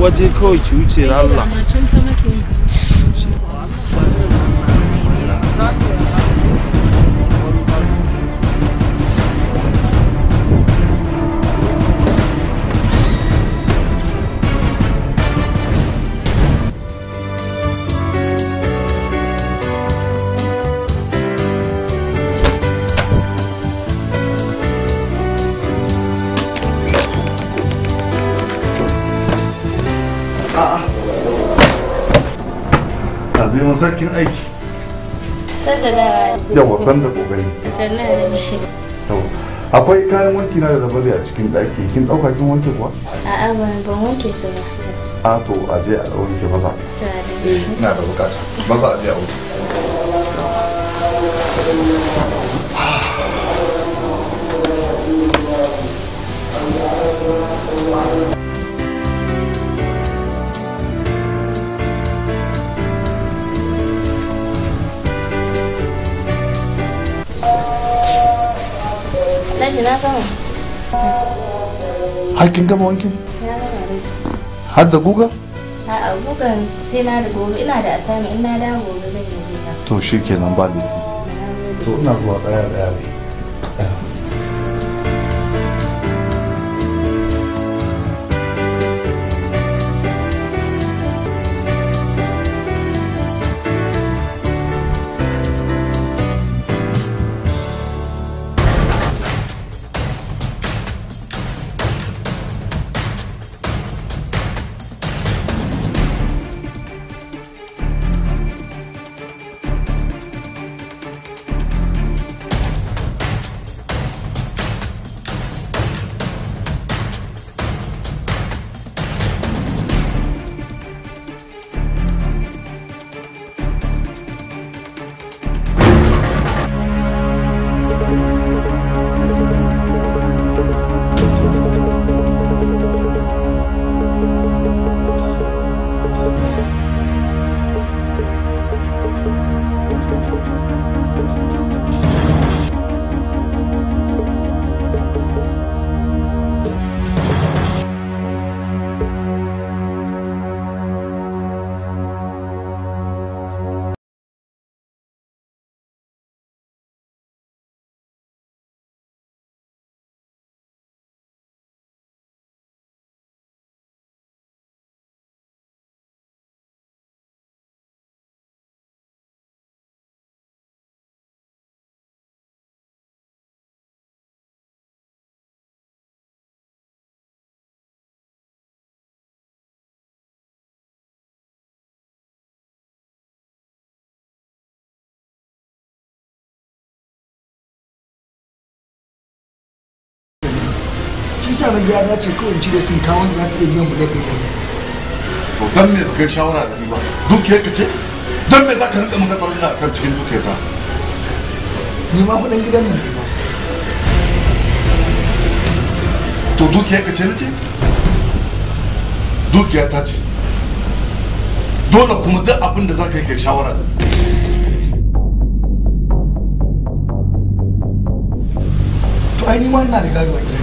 Speaker 6: waje kawai ki wuce Allah
Speaker 10: sarkin aiki
Speaker 7: sanda da yawa da kokari
Speaker 10: sannan shi akwai kayan wanki na da na a cikin daki kin dauka kin wanke kuwa
Speaker 7: a'a ban wanke su ba
Speaker 10: a to a je a wanke maza ina da bukata maza a je a wanke
Speaker 7: wanki na gama.
Speaker 10: Har kin gama wankin? Har da guga?
Speaker 7: A'a gugan sai na da gobe ina da asami ina da gobe zan yi guga.
Speaker 10: To shi kenan ba da To ina zuwa ɗaya da ne.
Speaker 11: wannan na ce kawai cire sun kawo da mu ya
Speaker 10: to dan me baka shawara da ni ba dukiyar ka ce dan me zaka rinka mun tsarin na kan cikin dukiyar ta ni ma fadan gidan nan ba to dukiyar ya ce ne ce dukiya ta ce dole kuma duk abin da zaka yi shawara da
Speaker 3: to ai ni ma ina da a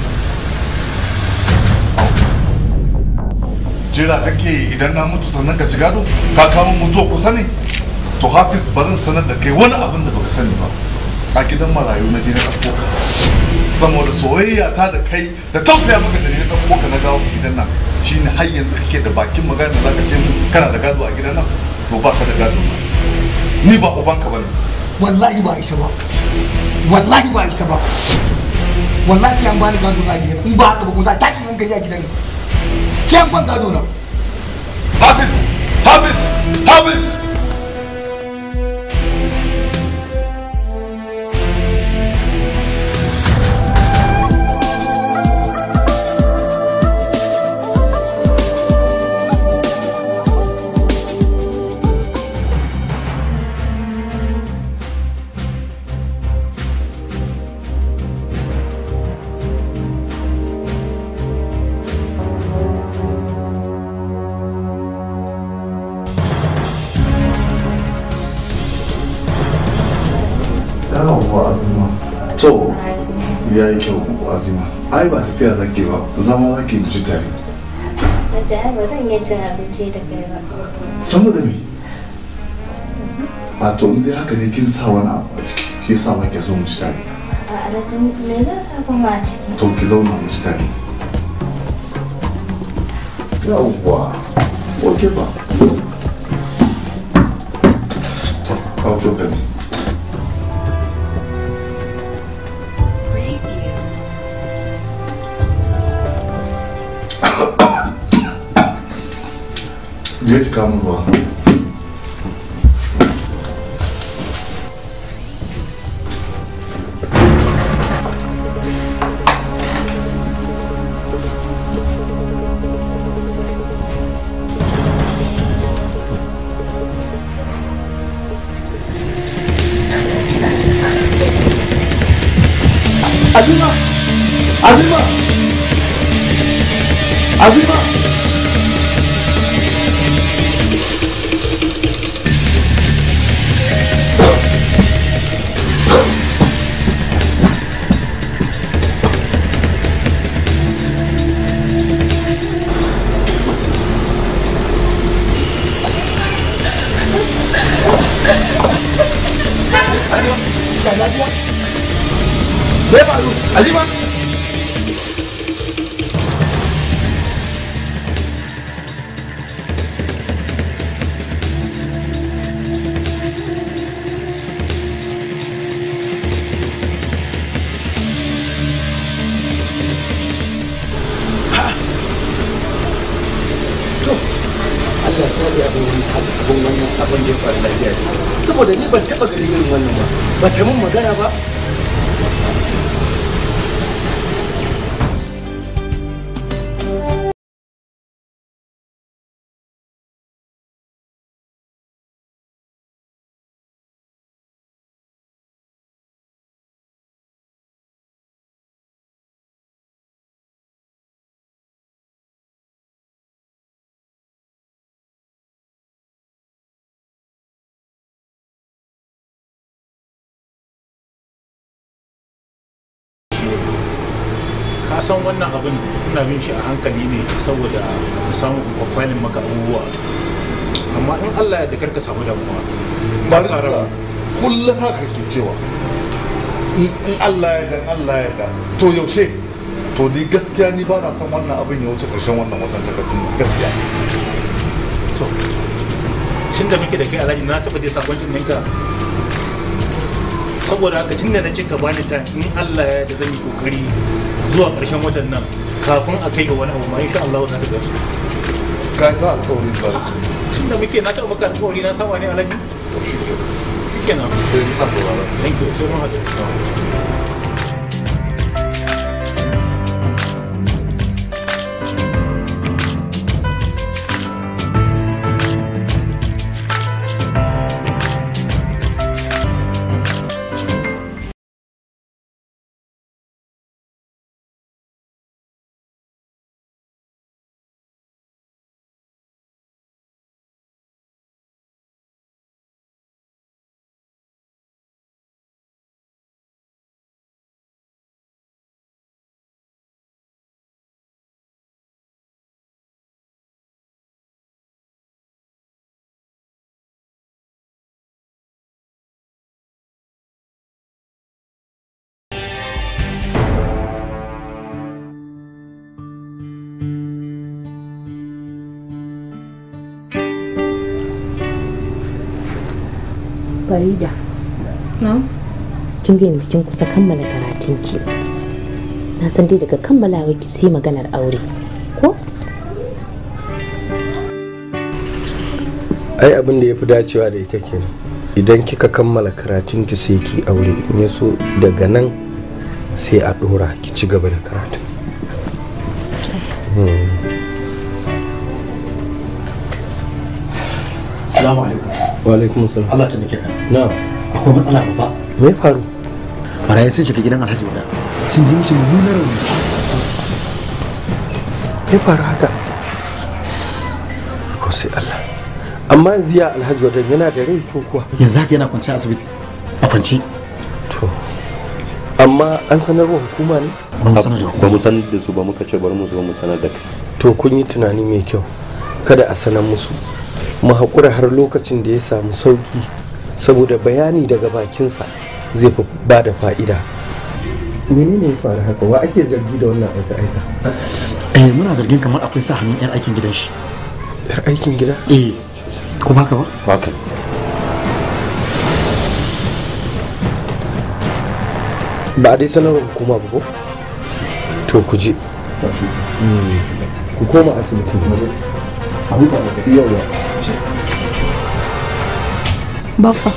Speaker 10: jira kake idan na mutu sannan ka ci gado ka kama mutu kusa ne to hafiz barin sanar da kai wani abin da baka sani ba a gidan marayu na je na ɗauko saboda soyayya ta da kai da tausaya maka da ne na ɗauko na gawo gidan nan shine har yanzu kake da bakin magana da zaka ce mu kana da gado a gidan nan to baka da gado ni ba ubanka bane wallahi ba isa ba wallahi ba isa ba wallahi sai an bani gado a gidan in ba haka ba ko za ta ci mun gaji a gidan nan ¡Ciampa en cada uno! ¡Habes! ¡Habes! ¡Habes! ya yi kyau azima ai ba tafiya zake ba zama zake mu ci tare
Speaker 7: ba zan iya cin da kai ba.
Speaker 10: Saboda me? A to dai haka ne kin sa wani abu a ciki shi sa ba ke so mu ci tare.
Speaker 7: A me zan sa kuma a ciki? To
Speaker 10: ki zauna mu tare. Yawwa, ko ke ba? Светка Амула.
Speaker 8: Azuma! Azuma! Azuma!
Speaker 11: yin shi a hankali ne saboda samun kwafanin maka abubuwa
Speaker 9: amma in allah ya karka samu damuwa ba sa rabu kullum haka ke cewa
Speaker 10: in allah ya dan allah ya dan to yaushe to ni gaskiya ni ba na san wannan abin ya wuce karshen wannan watan takardun gaskiya
Speaker 9: to shin da muke da kai alhaji na taba dai sakoncin ninka saboda haka tun da na cika bani ta in allah ya da zan yi kokari zuwa karshen watan nan kalau pun aku ingin orang rumah, insyaAllah orang ada gas. Kata aku orang ingin balik. Cinta mikir nak cakap makan kau lina sawah ni alam oh, lah. ni. Kenapa? Thank you. Terima kasih. Terima kasih.
Speaker 7: farida kin ga yanzu kin kusa kammala karatun ki na san dai daga kammalawa ki sai maganar aure ko
Speaker 1: ai abin da ya fi dacewa da ita kenan idan kika kammala karatun ki sai ki aure in ya so daga nan sai a dora ki ci gaba da karatun hmm. Assalamu alaikum. wa alaikum salam Allah ta nake ka na'am akwai matsala babba me faru barayi sun shiga gidan Alhaji Wada sun ji mishi mummunar rauni me faru haka ko sai Allah amma yanzu ya Alhaji Wada yana da rai ko kuwa
Speaker 2: yanzu haka yana kwance asibiti a kwance
Speaker 1: to amma an sanarwa hukuma ne ba mu sanar da su ba muka ce bari mu zo mu sanar da kai to kun yi tunani mai kyau kada a sanar musu mu haƙura har lokacin da ya samu sauƙi saboda bayani daga bakinsa zai fi ba da fa'ida menene ya faru haka wa ake zargi da wannan aika aika eh muna zargin kamar akwai sa hannun yar aikin gidan shi yar aikin gida eh ko baka ba baka ba dai sanarwar hukuma ba ko to ku je hmm. ku koma asibiti yau Baffa.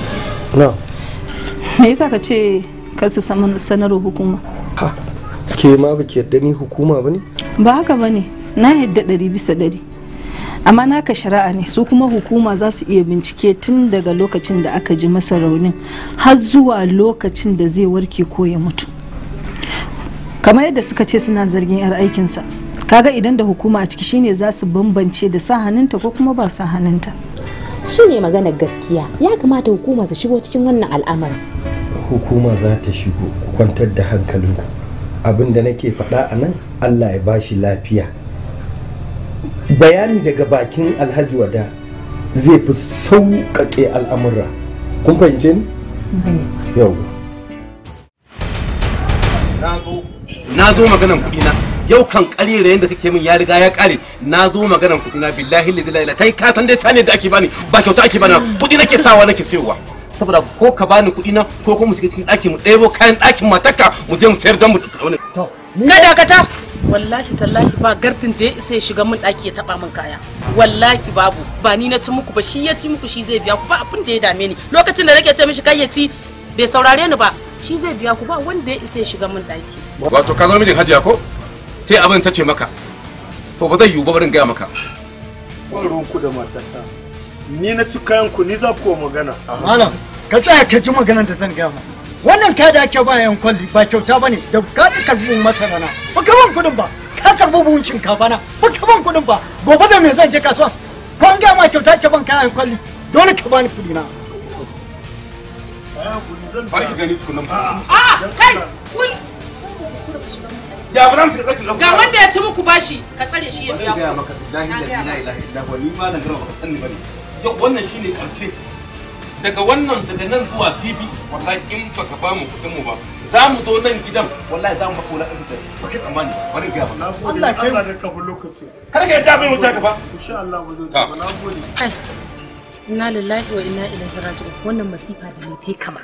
Speaker 1: Na.
Speaker 7: Me yasa ka ce ka su sanar hukuma?
Speaker 1: Ha. Ke ma ba ki yarda ni hukuma ba ne?
Speaker 7: Ba haka ba ne. Na yarda ɗari bisa ɗari. Amma naka shari'a ne su kuma hukuma za su iya bincike tun daga lokacin da aka ji masa raunin har zuwa lokacin da zai warke ko ya mutu. Kamar yadda suka ce suna zargin 'yar aikinsa. kaga idan da hukuma a ciki shine za su bambance da sa hannunta ko kuma ba sa hannunta. ne maganar gaskiya ya kamata hukuma su shigo cikin wannan al'amari
Speaker 1: hukuma za ta shigo ku kwantar da hankalinku abin da nake faɗa a nan allah ya bashi lafiya bayani daga bakin alhaji wada zai fi sauƙaƙe al'amura kun fahimce ni yau
Speaker 3: na zo maganan kuɗi
Speaker 1: na yau kan da yadda kake min ya riga ya ƙare na zo maganan kuɗi na billahi lillahi kai ka san dai sani da ake bani ba kyauta ake bani kuɗi nake sawa nake sayowa saboda ko ka bani kuɗi na ko kuma shiga cikin ɗakin mu ɗebo kayan ɗakin matarka mu je mu sayar don mu to kada ka ta
Speaker 7: wallahi tallahi ba gardin da ya isa ya shiga min daki ya taɓa min kaya wallahi babu ba ni na ci muku ba shi ya ci muku shi zai biya ku ba abin da ya dame ni lokacin da nake ce mishi kai ya ci bai saurare ni ba shi zai biya ku ba wanda ya isa shiga min daki
Speaker 3: wato ka zama mini hajiya ko
Speaker 9: sai abin ta ce maka to ba zai yiwu ba barin gaya maka
Speaker 3: ban ku da matata ni na ci kayan ku ni za ku magana malam
Speaker 1: ka tsaya ka ji maganar da zan gaya ma wannan ka da ake ba yan kwalli ba kyauta bane da ka da karbin masana na ba ka ban kudin ba ka karɓi buhun shinkafa na ba ka ban kudin ba gobe da me zan je kasuwa ko an gaya ma kyauta ke ban kayan kwalli dole ka bani kudi na
Speaker 6: bari ki gani tukunan ba a
Speaker 3: ah, kai kun
Speaker 6: ya bura mu shiga tsakin ga wanda ya ci muku bashi
Speaker 7: ka tsare shi ya biya ku
Speaker 6: maka billahi la ilaha illa huwa ni ma nan garba ka sanni bane yau wannan shine karshe daga wannan daga nan zuwa TV wallahi in baka ba mu kudin mu ba za mu zo nan gidan wallahi za mu baka wala ɗin da baka tsammani bari ga ba wallahi
Speaker 3: kai Allah da ka bu lokaci kar ka yadda bai wuce ka ba insha Allah mu zo
Speaker 6: ta
Speaker 4: na
Speaker 3: gode
Speaker 7: kai inna lillahi wa inna ilaihi raji'un wannan masifa da ne kai kama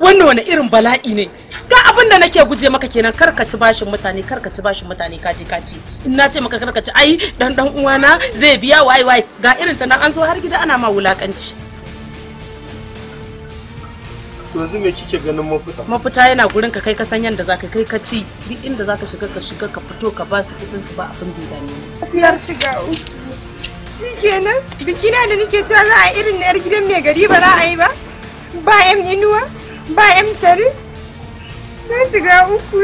Speaker 7: wannan wani irin bala'i ne ga abin da nake guje maka kenan karkaci bashin mutane karkaci bashin mutane kaji kaci in na ce maka karkaci ai dan dan uwana zai biya wai wai ga irin ta nan an zo har gida ana ma wulakanci
Speaker 4: to
Speaker 3: yanzu me kike ganin mafuta
Speaker 7: mafuta yana gurin ka kai ka san yanda zaka kai ka ci duk inda zaka shiga ka shiga ka fito ka ba su kudin su ba abin da ya dame ni
Speaker 3: siyar shiga shikenan
Speaker 7: bikina da nake cewa za a irin na yar gidan mai gari ba za a yi ba bayan inuwa
Speaker 8: ba yan shari na shiga uku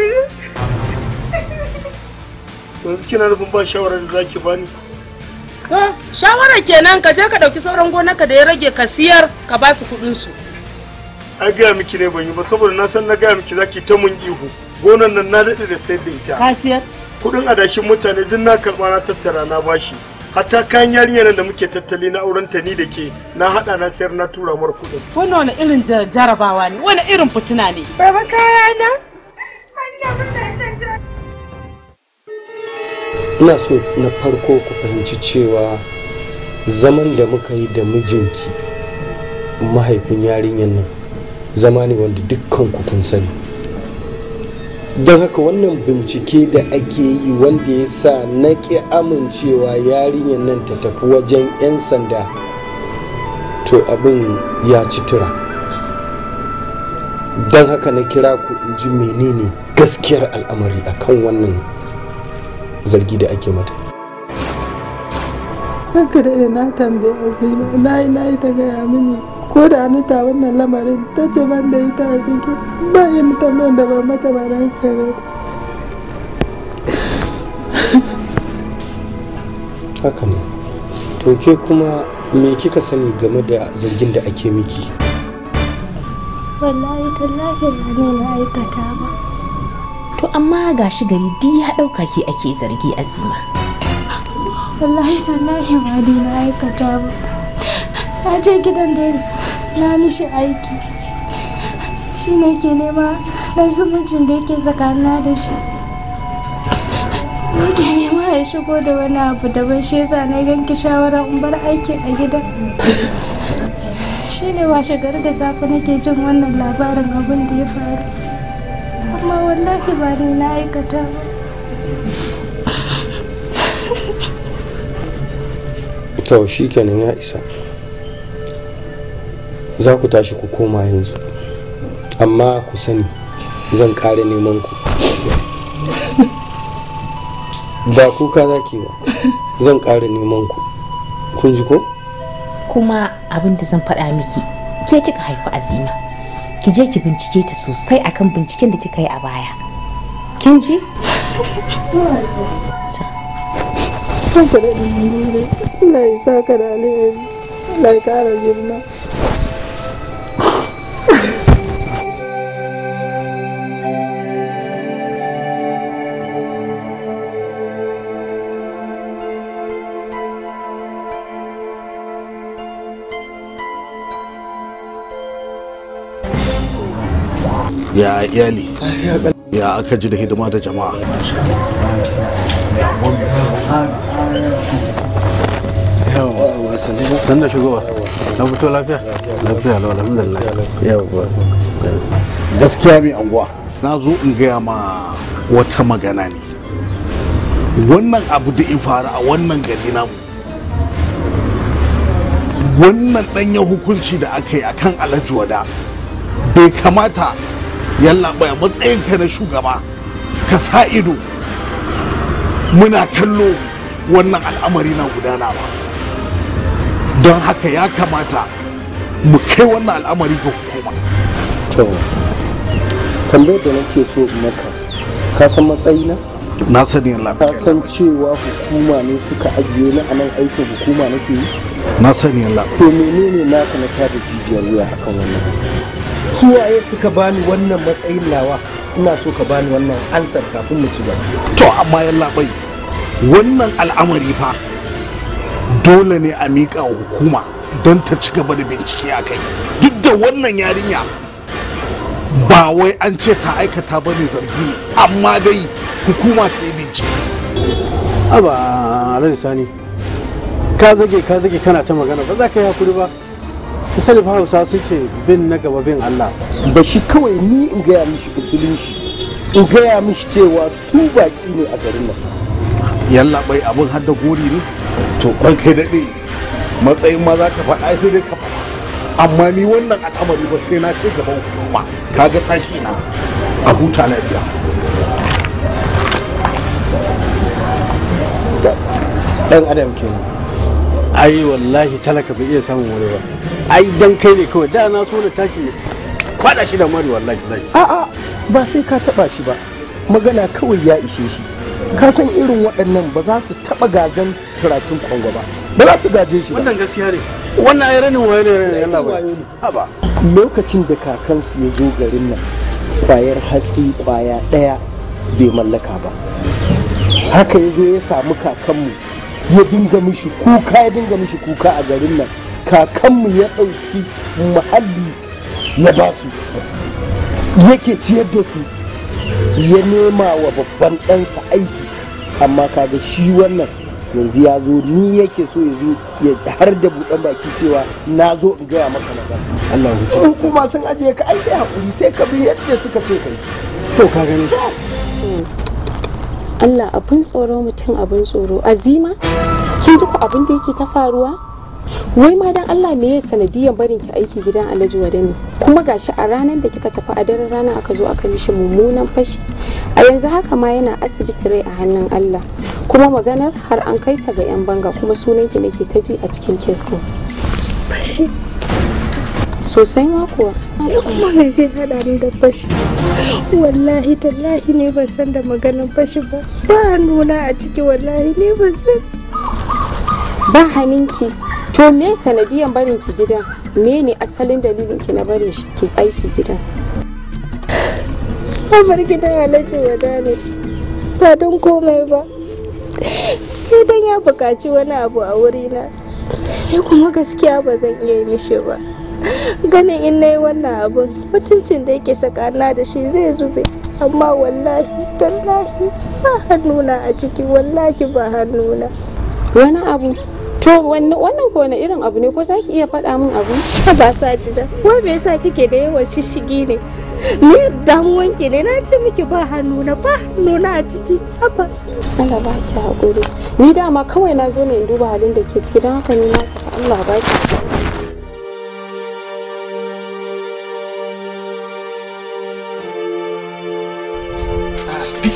Speaker 3: yanzu kina nufin ba shawarar da zaki ni.
Speaker 8: to shawara
Speaker 7: kenan ka je ka dauki sauran gonarka da ya rage ka siyar ka ba su kudin su
Speaker 3: a gaya miki ne ban yi ba saboda na san na gaya miki zaki ta mun ihu gonan nan na daɗe da sayar da ita ka siyar kudin adashin mutane duk na karɓa na tattara na bashi hatta kayan yarinyar da muke tattali na auren ta ni da ke na hada na sayar na tura mar kudi
Speaker 7: Wannan wani irin jarabawa ne, wani irin fitina ne. Baba kaya na?
Speaker 1: Ina so na farko ku fahimci cewa zaman da muka yi da mijinki mahaifin yarinyar nan zama ne wanda dukkan ku kun sani. don haka wannan bincike da ake yi wanda ya sa na ƙi amincewa yarinyar nan ta tafi wajen 'yan sanda to abin ya ci tura don haka na kira ku in ji menene gaskiyar al'amari a kan wannan zargi da ake mata
Speaker 4: haka da na
Speaker 7: tambaya na yi ta gaya mini ko da ni ta wannan lamarin ta ce ban da ita a cikin ba yin tambayan da ba mata ba na kare
Speaker 1: haka ne to ke kuma me kika sani game da zargin da ake miki
Speaker 7: wallahi tallahi ba ne na aikata ba to amma ga shi gari di ya
Speaker 8: dauka ke ake zargi azima
Speaker 7: wallahi tallahi ba ne na aikata ba na je gidan da na mishi aiki shi ne ke nema na zumuncin da yake tsakanina da shi ne ke nema ya shigo da wani abu daban shi yasa na ganki shawara in bar aikin a gida shi ne washe gari da safe nake jin wannan labarin abin da ya faru amma wallahi ba ni na aikata
Speaker 1: to shi kenan ya isa za ku tashi ku koma yanzu amma ku sani zan kare neman ku (laughs) ba kuka za ki ba zan kare neman ku kun ji ko
Speaker 7: kuma abin da zan faɗa miki ke kika haifi azima ki je ki bincike ta sosai akan binciken da kika yi a baya kin ji Ina isa ka da alheri, lai kara girma.
Speaker 9: ya iyali ya aka ji da hidima da jama'a
Speaker 1: san da shigowa na fito lafiya lafiya lau alhamdulillah yawwa
Speaker 3: gaskiya mai anguwa na zo in gaya ma wata magana ne wannan abu da in faru a wannan gari namu wannan danyen hukunci da aka yi akan alhaji wada bai kamata yalla bai matsayinka na shugaba ka sa ido muna kallo wannan al'amari na gudana ba don haka ya kamata mu kai wannan al'amari ga hukuma to tambayar da nake so maka ka san matsayina na sani
Speaker 1: ka san cewa hukuma ne suka ajiye ni a nan aikin hukuma nake yi
Speaker 3: na sani Allah to
Speaker 1: menene na ka na tada jijiyar wuya akan wannan su waye suka bani wannan matsayin nawa ina so ka bani wannan ansar kafin mu ci gaba to
Speaker 3: amma yalla bai wannan al'amari fa dole ne a miƙa wa hukuma don ta ci gaba da bincike a kai duk da wannan yarinya ba wai an ce ta aikata ba ne zargi ne amma dai hukuma ta yi
Speaker 4: bincike.
Speaker 1: Aba Alhaji Sani, ka zage ka zage kana ta magana ba za ka yi hakuri ba kusa da hausa sun ce bin na gaba bin Allah ba
Speaker 3: shi kawai ni in gaya mishi usulin shi in gaya mishi cewa su baki ne a garin nan yalla bai abun har da gori ne to kai kai dade matsayin ma za ka faɗa sai dai ka faɗa amma ni wannan al'amari ba sai na ce gaban ba. kaga tashi na a huta lafiya
Speaker 1: dan adam kenan ai wallahi talaka bai iya samun wani ba ai dan kai ne kawai da na so na tashi kwada shi da mari wallahi a'a ba sai ka taba shi ba magana kawai ya ishe shi ka san irin waɗannan ba za su taɓa gajen turatun kongo ba ba za su gaje shi ba wannan
Speaker 3: gaskiya ne wannan ai ranin waye ne yana ba haba
Speaker 1: lokacin da kakansu ya zo garin nan kwayar hatsi kwaya ɗaya bai mallaka ba haka ya zo ya samu kakanmu
Speaker 9: ya dinga mishi
Speaker 1: kuka ya dinga mishi kuka a garin nan kakanmu ya ɗauki muhalli ya ba su yake ciyar da su ya nema wa babban ɗansa aiki amma kaga shi wannan yanzu ya zo ni yake so ya zo ya har da buɗan baki cewa na zo in gaya maka na Allah ya kuma sun ajiye ka ai sai hakuri sai ka bi yadda suka ce kai to ka gani
Speaker 7: Allah abin tsoro mutum abin tsoro azima kin ji ku abin da yake ta faruwa wai ma dan Allah me yasa sanadiyan barin ki aiki gidan Alhaji Wadani kuma gashi a ranar da kika tafi a daren rana aka zo aka mishi mummunan fashi a yanzu haka ma yana asibiti rai a hannun Allah kuma maganar har an kai ta ga yan banga kuma sunan ki nake ta ji a cikin kes din fashi sosai ma kuwa kuma me zai hada ni da fashi wallahi tallahi ne ban san da maganin fashi ba ba nuna a ciki wallahi ne ban san ba haninki to me sanadiyan barin ki gidan me ne asalin dalilin ki na barin shi ki aiki gidan kamar gidan alhaji wada ne ba don komai ba sai dan ya buƙaci wani abu a wurina ni kuma gaskiya ba zan iya mishi ba ganin in na yi wannan abin mutuncin da yake sakana da shi zai zube amma wallahi tallahi ba hannuna a ciki wallahi ba hannuna wani abu to wannan ko wani irin abu ne ko za ki iya faɗa min abu ba sa ji da wai me yasa kike da yawan shishigi ne ni damuwan ki ne na ce miki ba hannuna ba hannuna a ciki haba Allah ba ki haƙuri ni dama kawai na zo ne in duba halin da ke ciki don haka ni na Allah ba ki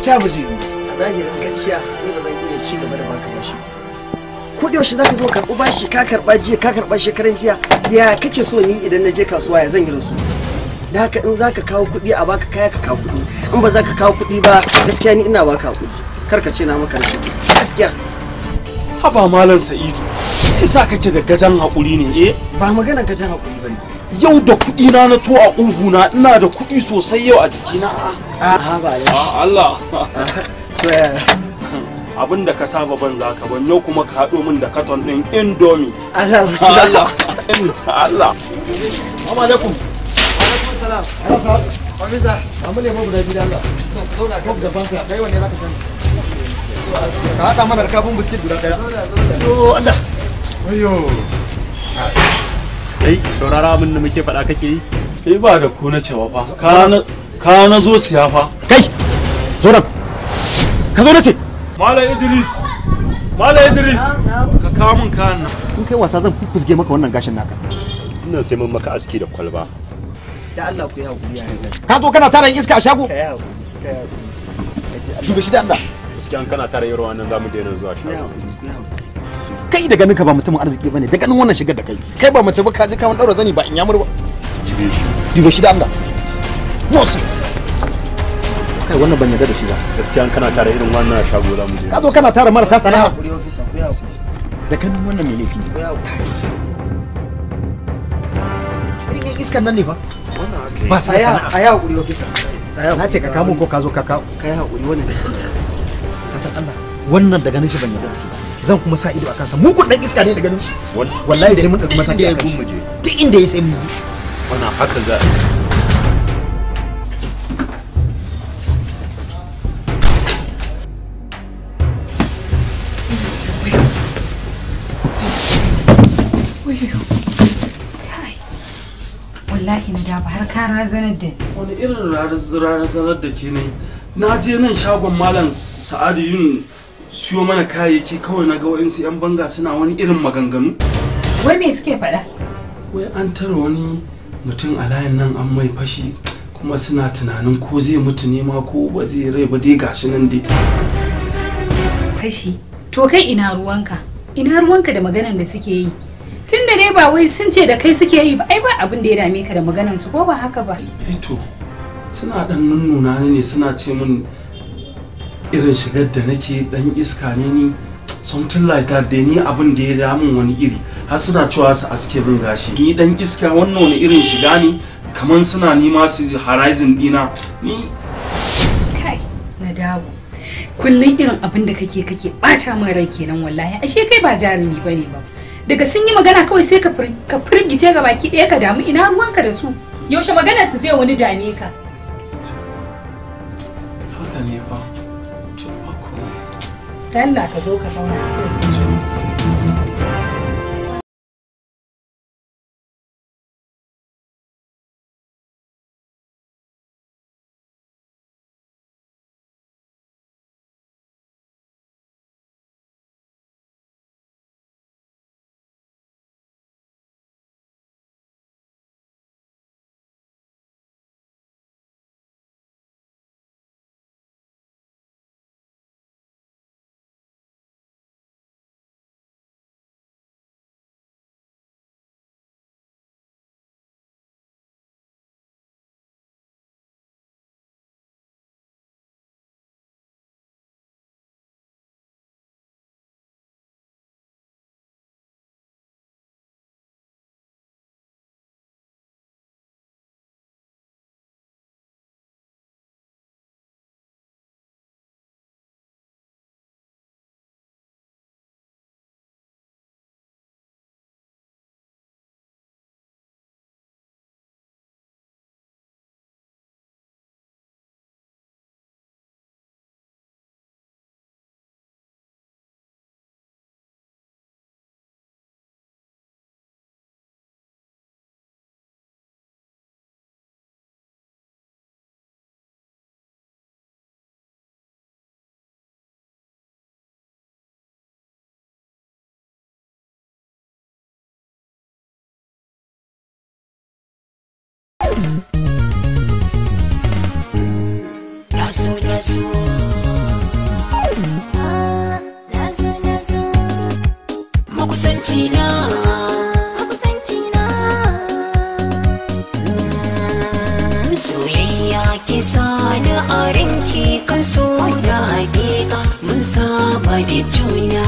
Speaker 1: fita ba zai yi a zahirin gaskiya ni ba zan iya ci gaba da baka bashi ko da yaushe zaka zo karɓi bashi ka karɓa jiya ka karɓa shekaran jiya ya kake so ni idan na je kasuwa ya zan yi rasu da haka in zaka
Speaker 6: kawo kuɗi a baka kaya ka kawo kuɗi in ba zaka kawo kuɗi ba gaskiya ni ina baka kuɗi kar ka ce na maka rashin gaskiya haba malam sa'idu isa kake da gazan haƙuri ne eh ba magana gazan haƙuri bane yau da kuɗi na na to a na, ina da kuɗi sosai yau a jikina ah,
Speaker 1: a ah,
Speaker 6: Allah (laughs) eh. abin da ka saba ban za ka ban yau kuma ka haɗo min da katon ɗin indomi (laughs) Allah Allah Allah alaikum
Speaker 4: alaikum salam Allah
Speaker 2: sa Amisa amma ne guda biyu Allah to zauna ka da banta kai wanne ka
Speaker 3: haɗa mana biskit guda ɗaya to Allah ayyo
Speaker 6: ah. kai saurara min da muke faɗa kake yi sai eh, ba da ku na cewa fa ka na zo siya fa kai zo ka zo na ce malam idris malam idris ka kawo min kayan nan
Speaker 3: in kai wasa zan fuffuske maka wannan gashin naka ina sai mun maka aski da kwalba
Speaker 6: da Allah ku ya hakuri ya
Speaker 3: ka zo kana tara iska a shago ka ya hakuri ka ya hakuri dubi shi da Allah gaskiya kana tara yarwa nan zamu daina zuwa shago
Speaker 2: kai da ganin ka ba mutumin arziki bane da ganin wannan shigar da kai
Speaker 3: kai ba mace ba ka je ka wani daura zani ba in yamur ba dibe shi da Allah nonsense kai wannan ban yarda da shi ba gaskiya kana tara irin wannan shago za mu je
Speaker 2: ka zo kana tara marasa sana'a da ganin wannan mai laifi ne iskan nan ne fa ba sa ya a ya hakuri ofisa na ce ka kamo ko ka zo ka kawo ka yi hakuri wannan ka san Allah wannan da ganin shi ban yarda da shi ba zan kuma sa ido a kansa mu kun dan iska ne da ganin shi
Speaker 3: wallahi sai mun dauki da ya kan
Speaker 2: je duk inda ya sai mu
Speaker 3: wannan haka za
Speaker 12: a wallahi na da ba har ka razanar da
Speaker 6: wani irin razanar da ke na je nan shagon malam sa'adu yin siyo mana kayayyaki kawai na ga wa'insu 'yan banga suna wani irin maganganu?
Speaker 12: Wai me suke faɗa?
Speaker 6: Wai an tara wani mutum a layin nan an mai fashi kuma suna tunanin ko zai mutu ne ma ko ba zai rai ba dai gashi nan dai.
Speaker 12: Fashi, to kai ina ruwanka? Ina ruwanka da maganan da suke yi? Tun da dai ba wai sun ce da kai suke yi ba, ai ba abin da ya dame ka da maganan su ko ba haka ba? Eh to,
Speaker 6: suna ɗan nunnuna ne suna ce mun irin shigar da nake dan iska ne ni something like that dai ni abin da ya damun wani iri har suna cewa su aske min gashi ni dan iska wannan wani irin shiga ne kaman suna nima su horizon dina ni
Speaker 12: kai na dawo kullum irin abin da kake kake bata min rai kenan wallahi ashe kai ba jarumi bane ba daga sun yi magana kawai sai ka firgice ga baki ɗaya ka damu ina ruwanka da su yaushe magana su zai wani dame ka
Speaker 11: Dalla ka zo ka zauna.
Speaker 4: Nazo nazo
Speaker 8: Nazo da Makusanci na Makusanci na mm, Soyayya a ranki kan so mun saba da juna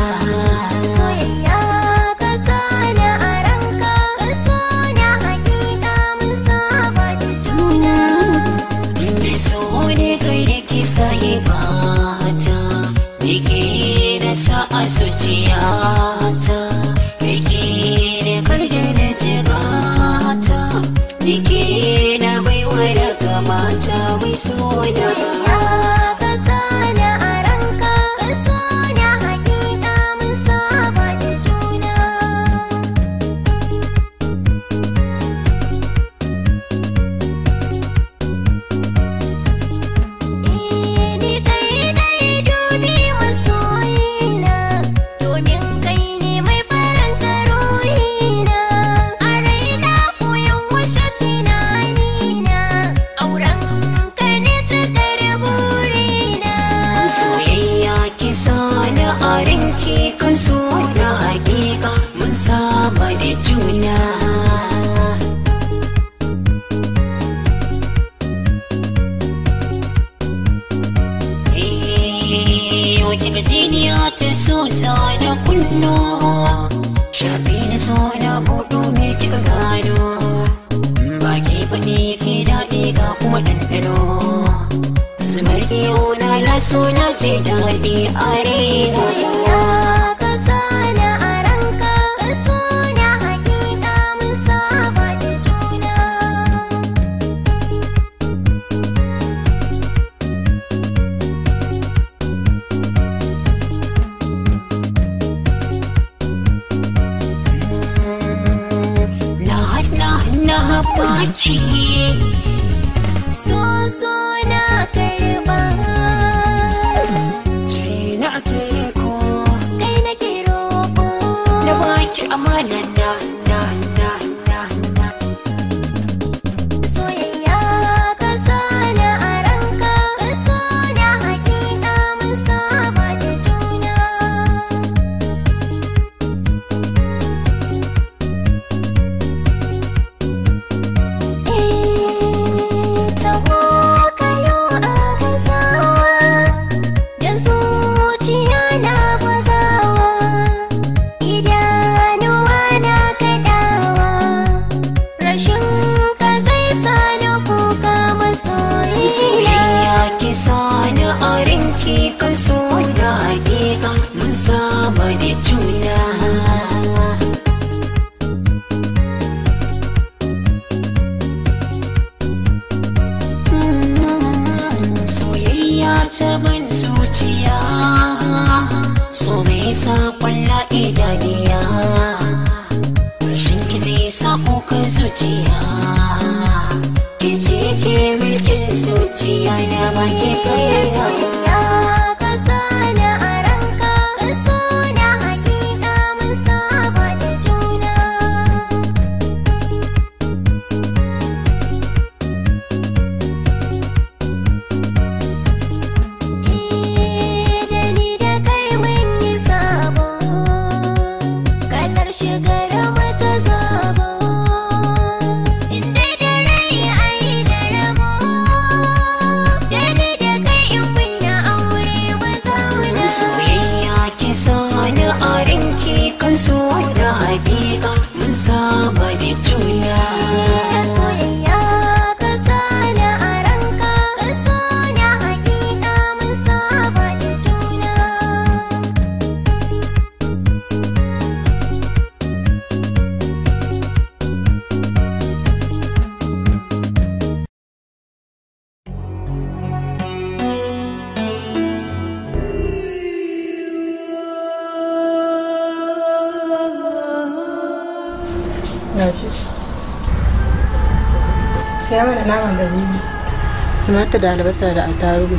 Speaker 8: ta rubu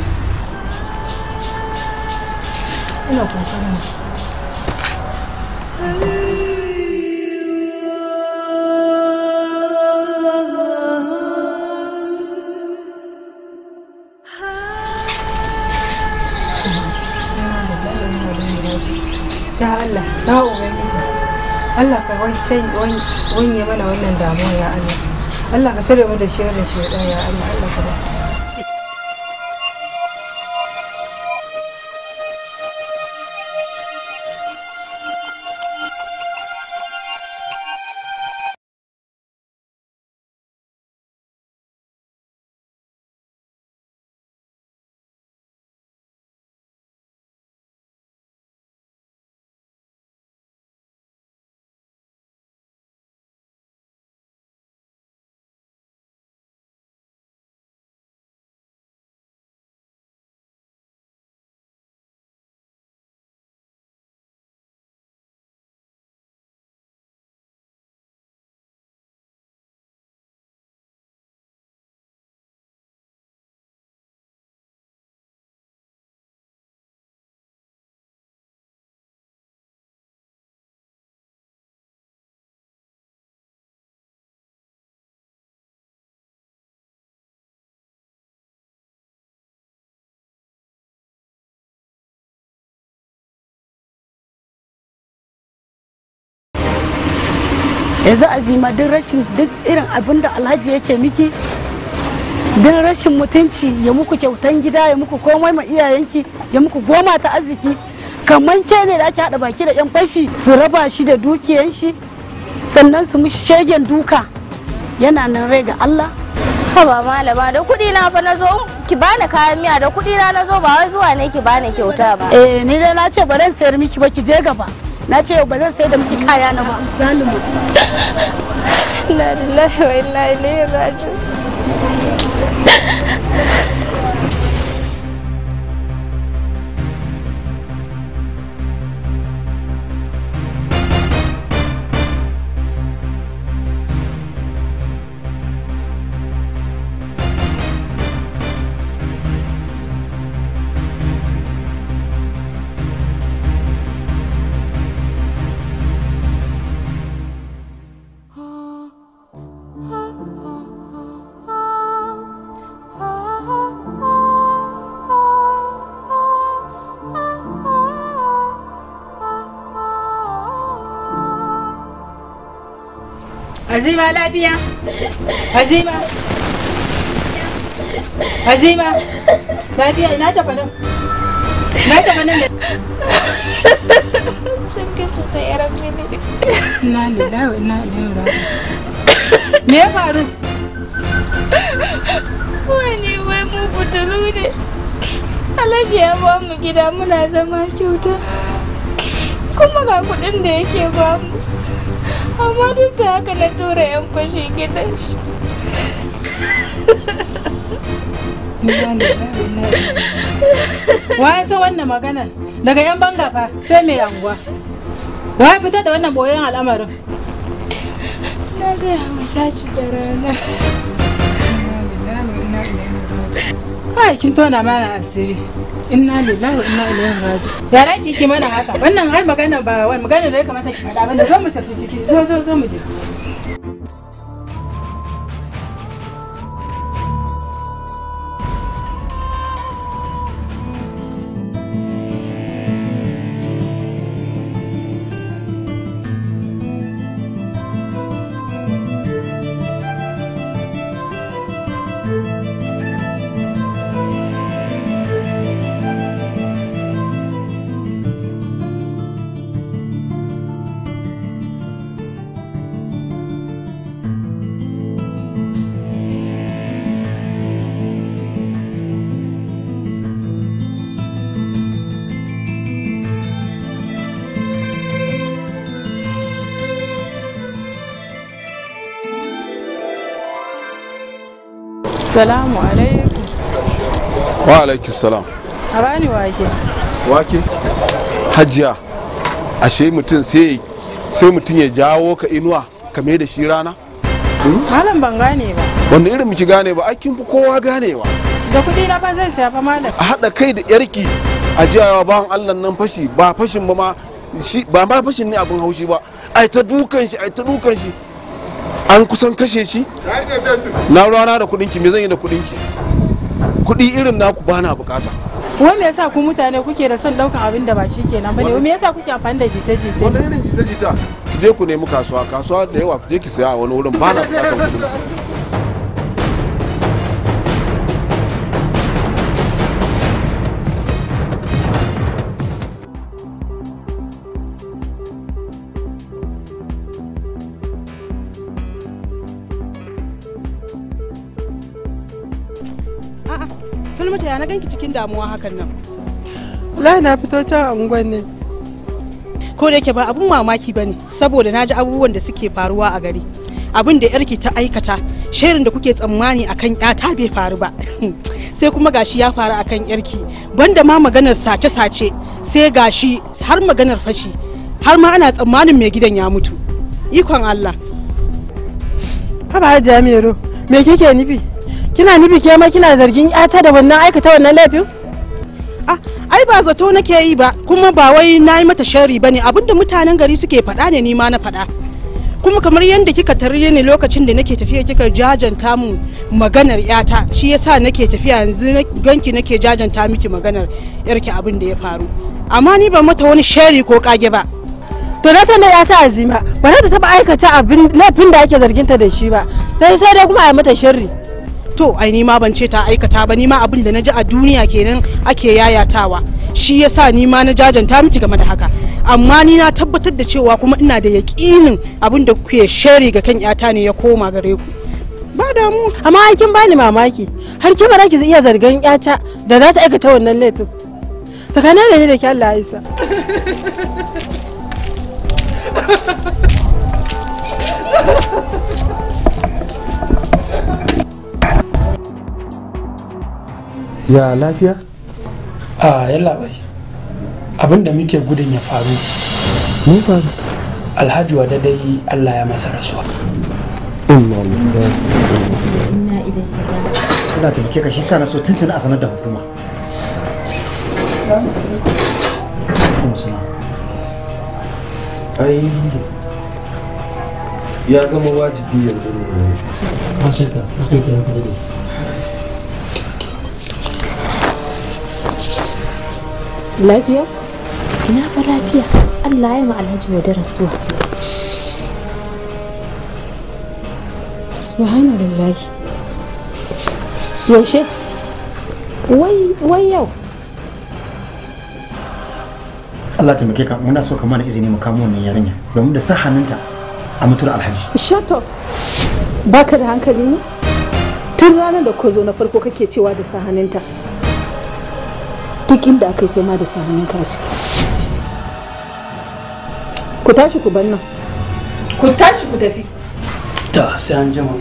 Speaker 8: ina kokarin
Speaker 7: Ya Allah, na Ubangiji, Allah ka wanye mana wannan damuwa ya Allah. Allah ka sare mu da shirin shaidan ya Allah, Allah ka ba.
Speaker 11: yanzu azima duk rashin duk irin abin da alhaji yake miki don
Speaker 7: rashin mutunci ya muku kyautan gida ya muku komai ma iyayenki ya muku goma ta arziki kamar ke ne da ake haɗa baki da 'yan fashi su raba shi da dukiyan shi sannan su mishi shegen duka yana nan rai ga Allah ba malama da kuɗi na fa na zo ki bani kayan miya da kuɗi na na zo ba wai zuwa ne ki bani kyauta ba eh ni dai na ce ba zan sayar miki ba ki je gaba na ce yau ba zan sai da miki kaya na ba zalimu (laughs) na lillahi wa ne ya raji'un Hazima lafiya? Hazima. Hazima. Lafiya ina ta nan. Ina ta nan. ne? Sun kisa sai yaran mini. Ina wa ina
Speaker 12: ilaihi raji'un. Me ya faru? Wani
Speaker 4: wai mu butulu ne.
Speaker 7: Alhaji ya ba mu gida muna zama kyauta. Kuma ga kuɗin da yake ba mu. amma duk da haka na tura yan fashe gidan shi ya san wannan magana daga yan banga fa sai mai anguwa waye fita da wannan boyen al'amarin na gaya wa da rana kai kin tona mana asiri inna lillahi wa inna ilaihi raji'un ya raki ki mana haka wannan har magana ba wani magana da ya kamata ki faɗa ba zo mu tafi ciki zo zo zo mu je Salamu alaikum.
Speaker 6: Wa alaikum salam.
Speaker 7: A bani wake.
Speaker 1: Wake? Hajiya. Ashe mutum sai sai mutum ya jawo ka inuwa ka mai da shi rana? Hmm?
Speaker 7: Malam ban gane ba.
Speaker 1: Wanda irin miki gane ba, aikin fi kowa ganewa.
Speaker 7: Da kuɗi na ba zai saya fa malam.
Speaker 1: A haɗa kai da yarki a jiyawa bawan Allah nan fashi ba fashin ba ma ba ma fashin ne abin haushi ba. Ai ta dukan shi, ai ta dukan shi.
Speaker 3: an kusan kashe shi na rana da kudinki ki me zan yi da kudinki ki kudi irin naku ba na bukata
Speaker 7: wai me yasa ku mutane kuke da son daukan abin da ba shi kenan bane me yasa kuke amfani da jita jita wani irin
Speaker 9: jita jita ki je ku nemi kasuwa kasuwa da yawa ku je ki saya a wani wurin ba na bukata
Speaker 7: ya na ganki cikin damuwa hakan nan wallahi na fito can unguwan ne ko da yake ba abun mamaki bane saboda na ji abubuwan da suke faruwa a gari abin da yarki ta aikata shirin da kuke tsammani akan ya ta bai faru ba (laughs) sai kuma gashi ya faru akan yarki banda ma maganar sace-sace sai gashi har maganar fashi har ma ana tsammanin mai gidan ya mutu ikon Allah Haba Hajiya me kike nufi? kina nufi ke ma kina zargin yata da wannan aikata wannan laifin ah, ai ba zato nake yi ba kuma ba wai na yi mata sharri ba ne abinda mutanen gari suke faɗa ne ni na faɗa kuma kamar yadda kika tarye ni lokacin da nake tafiya kika jajanta mu maganar yata shi yasa nake tafiya yanzu ganki nake jajanta miki maganar yarki abin da ya faru amma ni ba mata wani shari ko kage ba to na san da yata azima ba za ta taba aikata abin laifin da ake zargin ta da shi ba sai sai dai kuma a mata sharri to ai ni ma ban ce ta aikata ba ni ma abin da na ji a duniya kenan ake yayatawa shi yasa ni ma na jajanta miki game da haka amma ni na tabbatar da cewa kuma ina da yaƙinin abin da kuke shari ga kan yata ne ya koma gare ku ba damu amma ai kin bani mamaki har ki bara ki iya zargan yata da za ta aikata wannan laifin tsakanin da ni da ki Allah
Speaker 4: (laughs)
Speaker 6: ya lafiya? a yalla bai abin da muke gudun ya faru faru alhaji wa dai allah ya masa rasuwa
Speaker 1: Allah ta ka shi
Speaker 2: sa na so tuntuna a sanar da hukuma
Speaker 1: ai ya zama wajibi yanzu ne ba shakka kuka yi da shi
Speaker 7: lafiya ina fa lafiya allah ya ma alhaji wadda rasuwa subhanallahi yaushe wai yau
Speaker 2: Allah ta ka muna so ka mana izini mu kamo wannan yarinya domin da sahaninta a mutuwar alhaji
Speaker 7: shut up baka da hankali ne tun ranar da ka zo na farko kake cewa da sahaninta duk inda aka kai ma da sahanin ka ciki ku tashi ku bar nan ku tashi ku tafi
Speaker 6: ta sai an jima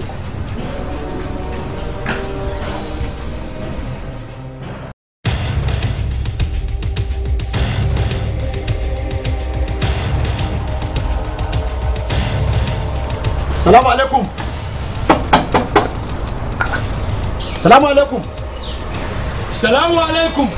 Speaker 6: salamu alaikum salamu alaikum salamu alaikum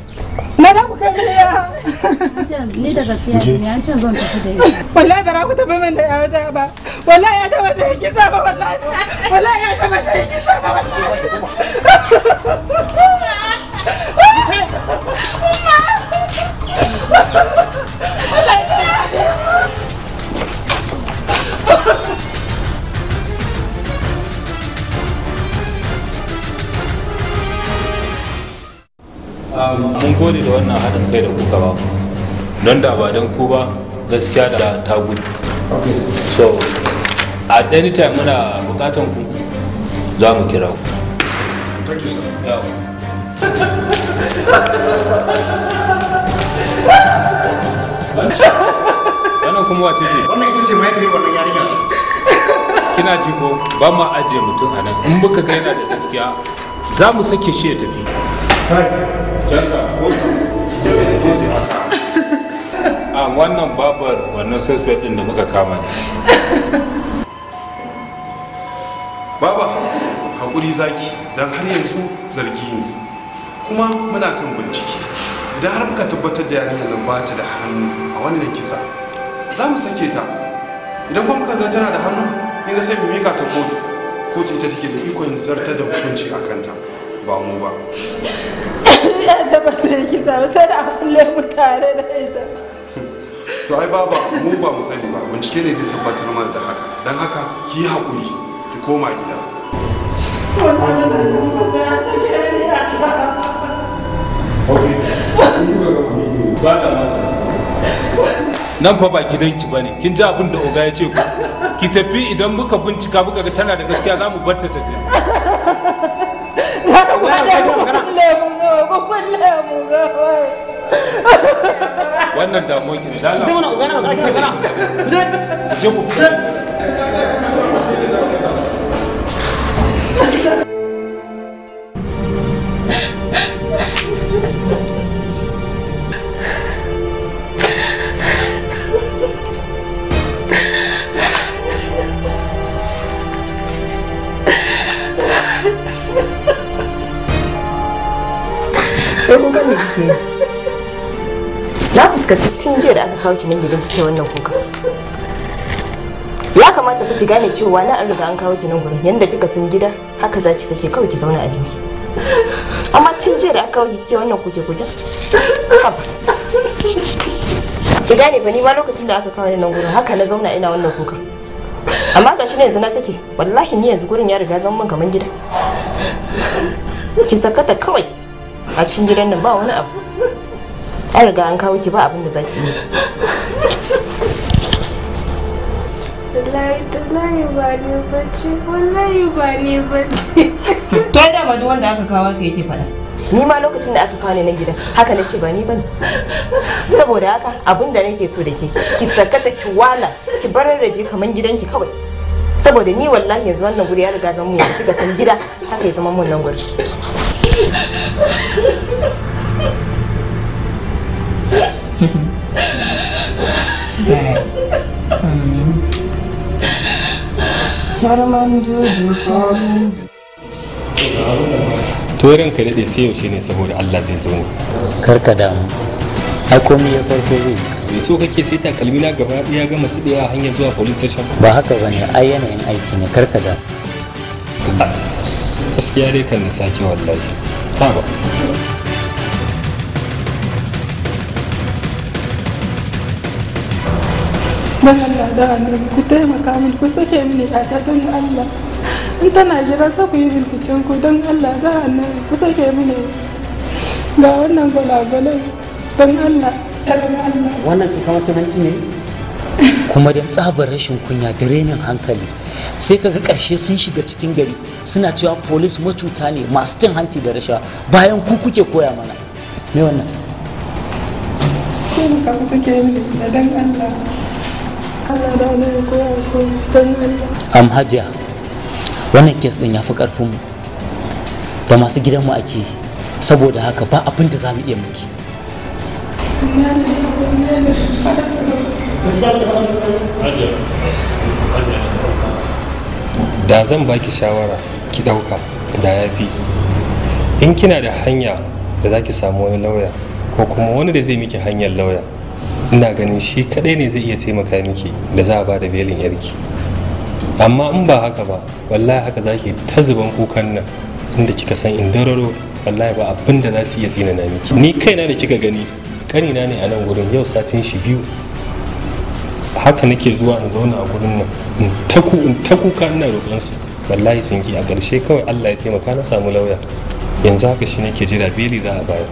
Speaker 7: na da ku kai miliya ni daga siya ne an ce zan tafi da ita wallahi bara ku tafi min da yawa ta ba wallahi ya taba ta yake saba wallahi wallahi ya taba ta yake saba wallahi
Speaker 9: kore da wannan haɗin kai da kuka ba don da ba don ku ba gaskiya da ta gudu so at any time muna bukatan ku za mu kira ku wannan kuma wace ce wannan ita ce mahaifiyar wannan yarinya kina ji ko ba ma ajiye mutum a nan in muka gaina yana da gaskiya za mu sake shi ya tafi (laughs) a wannan babar wannan suspect din da muka kama
Speaker 5: baba hakuri zaki don har yanzu zargi ne kuma muna kan bincike idan har muka tabbatar da yanayin nan ba ta da hannu a wannan kisa za mu sake ta idan kuma muka tana da hannu kin ga sai mu mika ta kotu kotu ita take da ikon zartar da hukunci a kanta ba mu ba
Speaker 7: ya ce ba ta yi kisa ba sai da a kulle mu tare da ita
Speaker 5: to ai baba mu ba mu sani ba bincike ne zai tabbatar mana da haka dan haka ki yi haƙuri ki koma gida
Speaker 4: wannan ba zai ba sai an sake ni a
Speaker 3: ba da masa
Speaker 9: nan fa ba gidanki ba ne kin ji abin da oga ya ce ku ki tafi idan muka bincika muka ga tana da gaskiya za mu bar ta tafi
Speaker 8: wallahi mu ga wai
Speaker 9: wannan damuwa
Speaker 6: ki da Allah ki mana ki ku
Speaker 7: kai kun gane na fuskanci tun jiya da aka kawo ki nan gidan kike wannan kuka ya kamata ku ki gane cewa na an riga an kawo ki nan gurin yanda kika san gida haka za ki sake kawai ki zauna a binki amma tun jiya da aka kawo ki wannan kuke kuke ki gane ba ni ma lokacin da aka kawo ni nan gurin haka na zauna ina wannan kuka amma ga shi ne yanzu na sake wallahi ni yanzu gurin ya riga zan mun kaman gida ki sakata kawai a cikin gidan nan ba wani abu an riga an kawo ki ba abin da za ki yi wallahi ba ne bace wallahi ba ne bace to da wanda aka kawo ka yake faɗa ni ma lokacin da aka kawo ne na gidan haka nace ba ni bane saboda haka abin da nake so da ke ki sakata ki wala ki barar da ji kaman gidanki kawai saboda ni wallahi yanzu wannan guri ya riga zan mu yanzu kika san gida haka ya zama mun nan guri
Speaker 8: Charman Dudu Charman
Speaker 5: Turin ka daɗe sai yaushe ne saboda Allah zai zo mu. Karka damu. Ai komai ya farko zai. Me so kake sai takalmi na gaba ya gama su a hanyar zuwa police station? Ba haka bane ai yanayin aiki ne karka damu. Ah. gaskiya dai kan na wallahi ta
Speaker 4: ba
Speaker 7: Allah da annabi ku taimaka min ku sake mini don sa ku yi bilkicin ku don Allah da annabi ku sake mini ga wannan gwalagwalai don Allah
Speaker 1: wannan
Speaker 6: ne kuma da tsabar rashin kunya da renin hankali sai kaga karshe sun shiga cikin gari suna cewa polis matuta ne masu cin hanci da rashawa bayan ku kuke koya mana me wannan
Speaker 7: am hajiya wannan kes din ya fi karfin mu da masu gidanmu ake
Speaker 2: saboda haka ba abin za mu iya muke
Speaker 5: da zan baki shawara ki ɗauka da ya fi in kina da hanya da za ki samu wani lauya ko kuma wani da zai miki hanyar lauya ina ganin shi kaɗai ne zai iya taimaka miki da za a ba da belin yarki amma in ba haka ba wallahi haka za ki ta zuban kukan nan inda kika san in dararo wallahi ba abinda da za su iya tsinana miki ni kaina da kika gani kanina ne a nan gurin yau satin shi biyu haka nake zuwa in zauna a gurin nan in taku in ta kuka ina roƙon su wallahi sun ki a ƙarshe kawai Allah ya taimaka na samu lauya yanzu haka shi nake jira beli za a bayar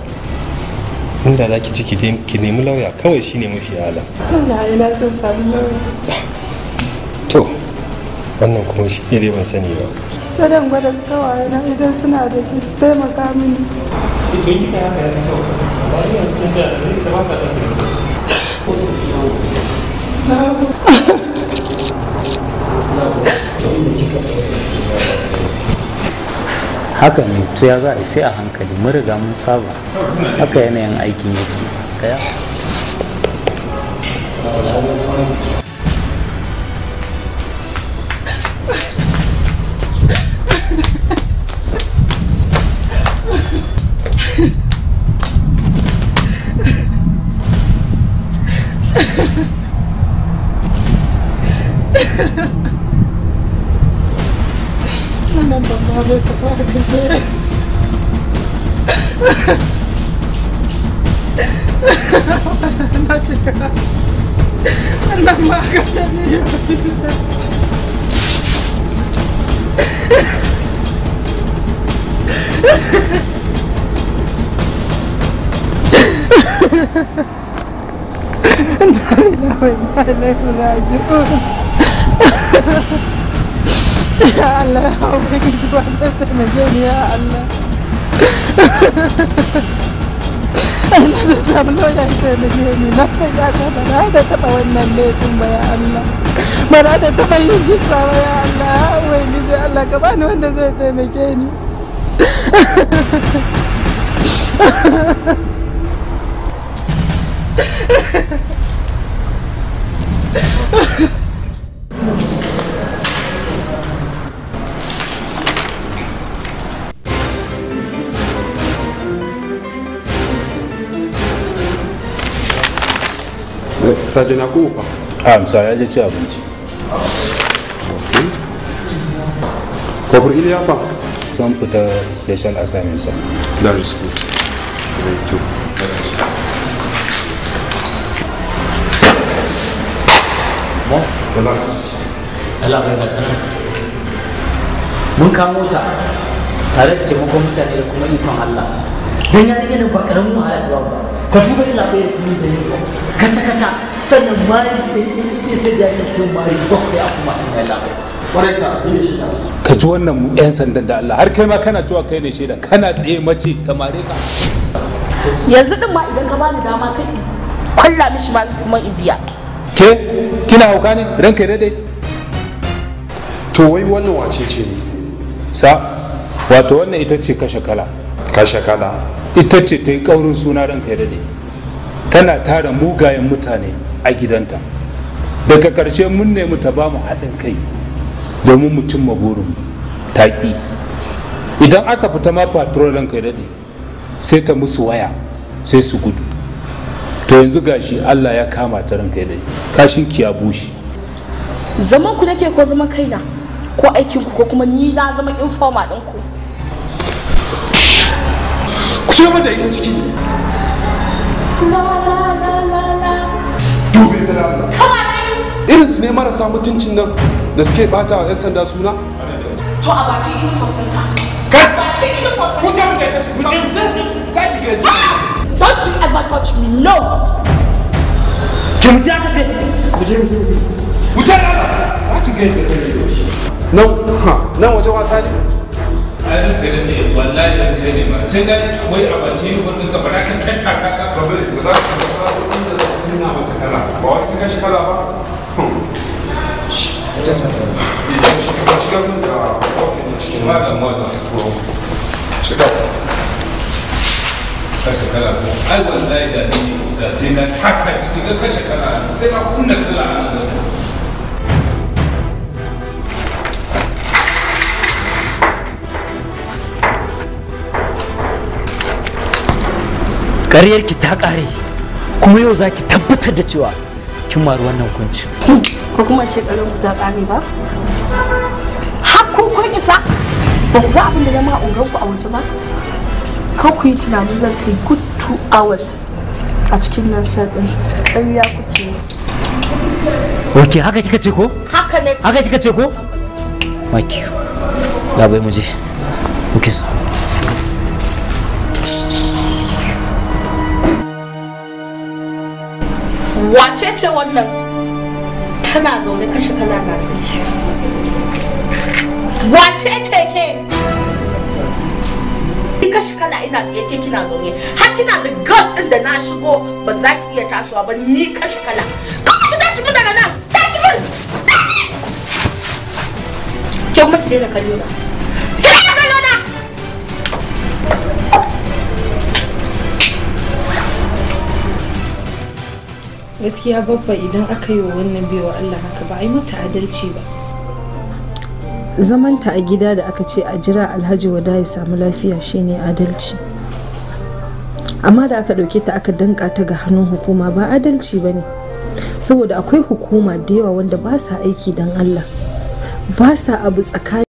Speaker 5: inda za ki ciki ki nemi lauya kawai shine mafi ala
Speaker 7: Allah ina son samu lauya
Speaker 5: to wannan kuma shi ne ban sani ba
Speaker 7: sadan gwada kawai na idan suna da shi su taimaka mini
Speaker 5: ito kika haka ya ta kyau ba yanzu kin tsaya da ba ta da lokaci
Speaker 9: haka ne to ya za a sai a hankali
Speaker 1: mun riga mun saba haka yanayin aikin yake kaya
Speaker 7: kansa da gemu ta wannan laifin ba Allah bara da yin jinsa ba ya Allah
Speaker 10: ubangiji bani wanda zai
Speaker 4: (laughs)
Speaker 5: Sergeant Yakubu fa?
Speaker 9: ah sorry, ya je ci abinci. Kofar Iliya fa? Sun fita special assignment sa.
Speaker 10: That is good. Thank
Speaker 6: you. relax. Mun kamo ta tare da taimakon mutane da kuma ikon Allah.
Speaker 8: Don yarinya ba karamin wahala ta ba. ka duba ina kai tuni da yau kata kata
Speaker 1: sannan mai da yake sai da yake cewa mai bakwai a kuma tun ya lafiya kwarai sa
Speaker 9: ina shi ka ji wannan yan sandan da Allah har kai ma kana cewa kai ne shaida kana tsaye mace ta mare ka
Speaker 7: yanzu din ma idan ka ba ni dama sai in kwalla mishi ma kuma in biya
Speaker 9: ke kina hauka ne ranka ya dade. to wai wannan wace ce ne sa wato wannan ita ce kashe kala kashe kala ita ce ta yi ƙaurin suna ranka ya dade tana tara mugayen mutane a gidanta daga ƙarshe mun nemi ta ba mu haɗin kai domin mu cimma burin taƙi idan aka fita ma patrol ranka ya dade sai ta musu waya sai su gudu to yanzu gashi allah ya kama ta ranka ya dade kashin kiya bushi
Speaker 7: zaman ku nake ko zama kaina ko aikin ku ko kuma ni na zama informa ɗinku
Speaker 5: ku ce da ita ciki
Speaker 8: la la la la la
Speaker 5: dube ta Allah irin su ne marasa mutuncin nan da suke bata wa 'yan sanda suna
Speaker 6: to a bakin uniform ɗinka ka bakin uniform ɗinka ku ta mutai ta ce ku ce za ah! don't you ever touch me no
Speaker 1: kimti aka ce ku je ku ce na za ki gani da sai
Speaker 9: nan ha nan waje wasa ne ai ne wallahi da ne ba sai dai wai a bakin wanda ka fara ka tattaka ka ba ba za ka fara kudin da zaka nuna mata kala ba wai ka shi kala ba ta sanar da shi ga mun da kokin cikin malam maza ko shiga
Speaker 1: kashe kala ko ai da ni da sai na taka daga kashe kala sai na kunna kala a nan ƙaryarki ta ƙare kuma yau za ki tabbatar da cewa kin maru wannan hukunci
Speaker 7: ko kuma ce ƙaryarku ta ƙare ba hakku isa ba ku abin da zama ogan ku a waje ba ka ku yi tunanin zan kai good two hours a cikin nan shaɗin ƙarya kuke
Speaker 8: ok haka kika ce ko
Speaker 7: haka ne haka kika ce ko
Speaker 8: maki labai mu je ok sa
Speaker 7: wace ce wannan tana zaune kashe kana tsaye wace ce ke kashe kana ina tsaye ke kina zaune har kina da gas ɗin da na shigo ba za ki iya tashiwa ba ni kashe kana kuma ki tashi min daga nan tashi min ke kuma ki daina kallo gaskiya babba idan aka yi wa wannan baiwa Allah haka ba a yi mata adalci ba zamanta a gida da aka ce a jira alhaji wada ya samu lafiya shine adalci amma da aka ɗauke ta aka danka ta ga hannun hukuma ba adalci ba ne
Speaker 11: saboda akwai hukuma da yawa wanda ba sa aiki don allah ba sa abu tsakani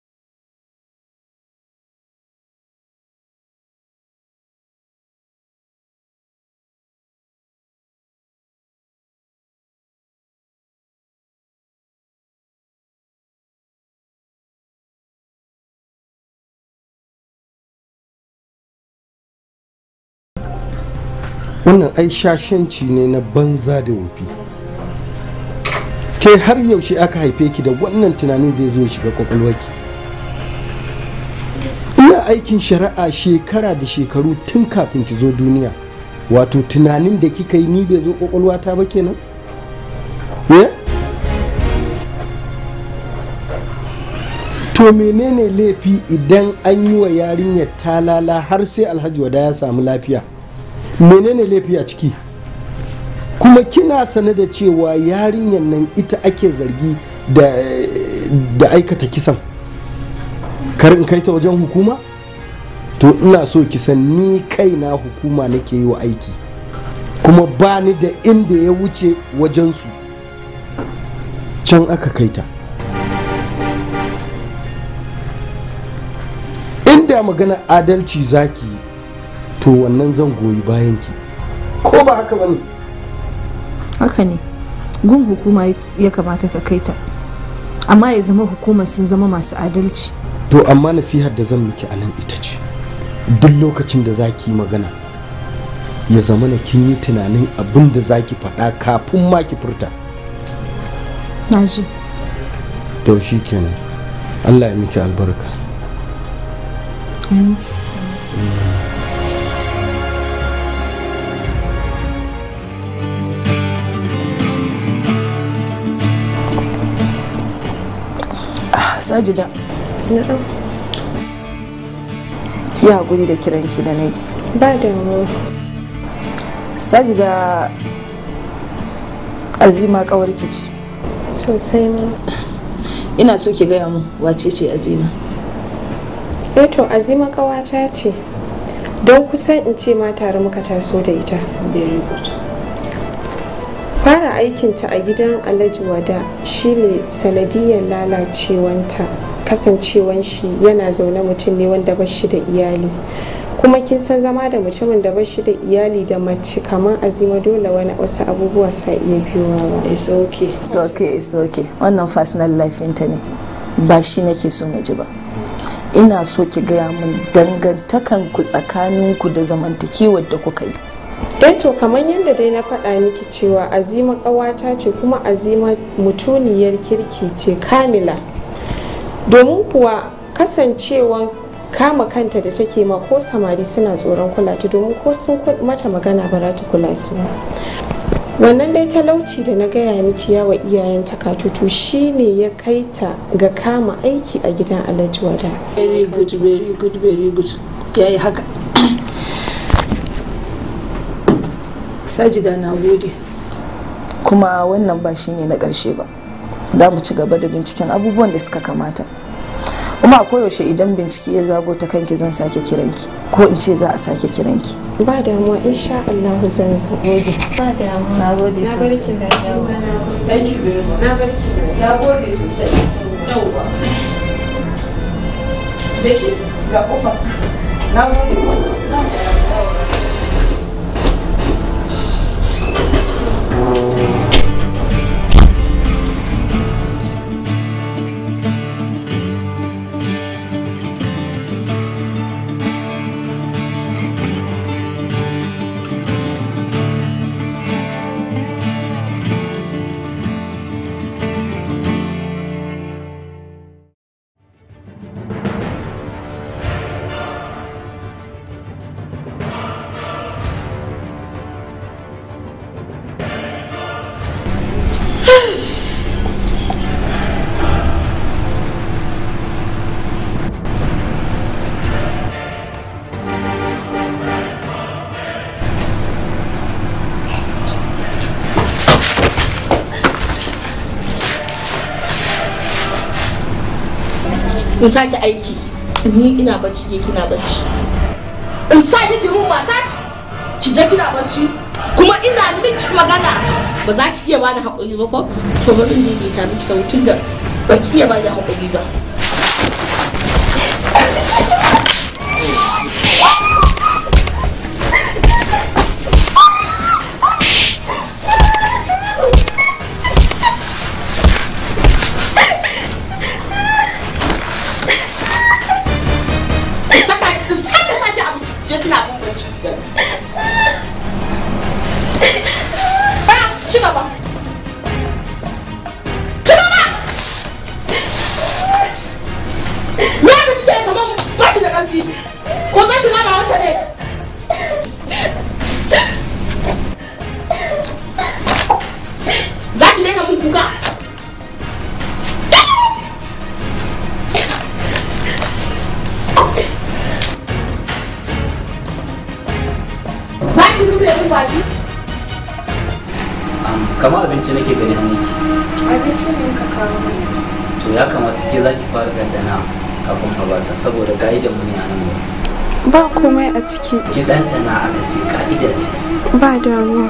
Speaker 11: wannan ai shashanci ne na banza da wofi
Speaker 1: ke har yaushe aka haife ki da wannan tunanin zai zo ya shiga kwakwalwarki ina aikin shari'a shekara da shekaru tun kafin ki zo duniya wato tunanin da kika yi ni bai zo kwakwalwata ba kenan to menene laifi idan an yi wa yarinyar talala har sai alhaji wada ya samu lafiya menene laifi a ciki kuma kina sane da cewa yarinyar nan ita ake zargi da aikata kisan karin kai ta wajen hukuma to ina so kisan ni kaina hukuma nake yi wa aiki kuma ba ni da inda ya wuce wajen su, can aka kaita inda magana adalci zaki yi. to wannan zan goyi bayan ki
Speaker 7: ko ba haka bane haka ne gun hukuma ya kamata ka kai ta amma ya zama hukumar sun zama masu adalci
Speaker 1: to amma nasihar da zan miki anan ita ce duk lokacin da za ki magana ya zama na kin yi tunanin abin da za ki faɗa kafin ma ki furta na to shi kenan allah ya miki albarka
Speaker 4: Mm.
Speaker 7: sajida na'am ki hakuri da kiranki da nayi ba damuwa sajida azima kawarki ce sosai ma ina so ki gaya mu wace ce azima eh to azima kawata ce don kusan in ce ma tare muka taso da ita very good aikinta a gidan alhaji wada shine sanadiyar lalacewanta kasancewan shi yana zaune mutum ne wanda ba shi da iyali kuma kin san zama da mutumin da ba shi da iyali da mace kamar azima dole wani wasu abubuwa sa iya biyowa ba it's okay wannan personal life ne ba shi nake so na ji ba ina so ki gaya min dangantakan ku tsakanin ku da zamantakewar da kuka yi to kamar yadda dai na faɗa miki cewa azima ƙawata ce kuma azima mutuniyar kirki ce kamila domin kuwa kasancewan kama kanta da take ma ko samari suna tsoron kula ta domin ko sun mata magana ba za ta kula su wannan dai talauci da na gaya miki yawa iyayen takatutu ne ya kai ta ga kama aiki a gidan alhaji wada sajida na gode kuma wannan ba shi ne na ƙarshe ba za mu ci gaba da binciken abubuwan da suka kamata kuma koyaushe idan bincike ya zago ta kanki zan sake kiranki ko in ce za a sake kiranki ba damuwa insha Allah zan zo gode ba damuwa na gode sosai na na gode sosai yauwa jeki ga kofa na gode in sake aiki ni ina bacci ke kina bacci in sake ki mun masaji ki je kina bacci kuma ina miki magana ba za ki iya bani haƙuri ba ko to bari in ta miki sautin da ba ki iya bani haƙuri ba ki ɗanɗana aka ce ka'ida ce ba damuwa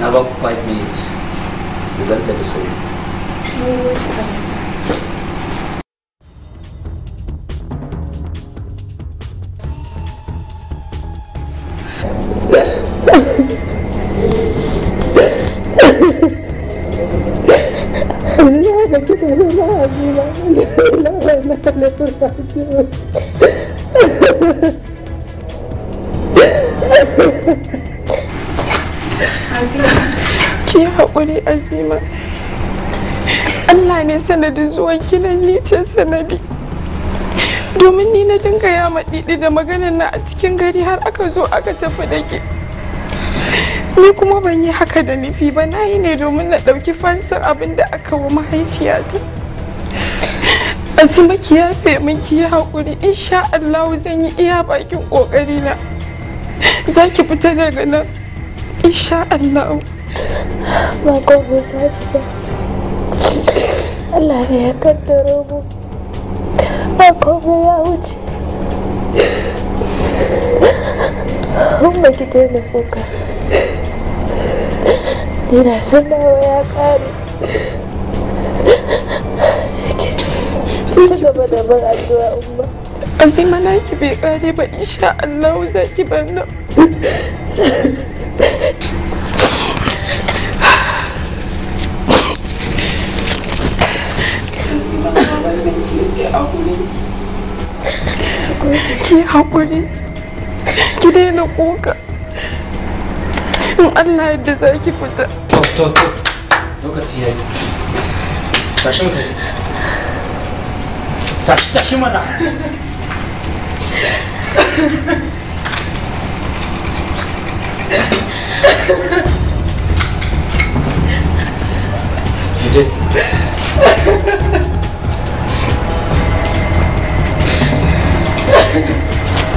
Speaker 1: na ba ku 5 minutes ku ganta
Speaker 4: na
Speaker 7: farfajiya ki haƙuri azima Allah ne sanadin zuwan kinan ni ce sanadi domin ni na dinga ya maɗiɗi da maganar na a cikin gari har aka zo aka tafi da ke ni kuma ban yi haka da nufi ba na yi ne domin na ɗauki fansar abin da aka wa mahaifiyata azima ki ya min ki ya haƙuri insha Allah zan yi iya bakin ƙoƙari na za ki fita daga nan insha Allah ba ko bai ba Allah ne ya kaddaro mu ba ko ya wuce Umma ki daina kuka. Ni na san nawa ya ƙare. na ki bai kare ba insha Allah za ki bar nan ki haƙuri ki daina kuka in Allah yadda za ki fita
Speaker 9: lokaci ya yi tashi 자, 진짜 심하다.
Speaker 4: 이제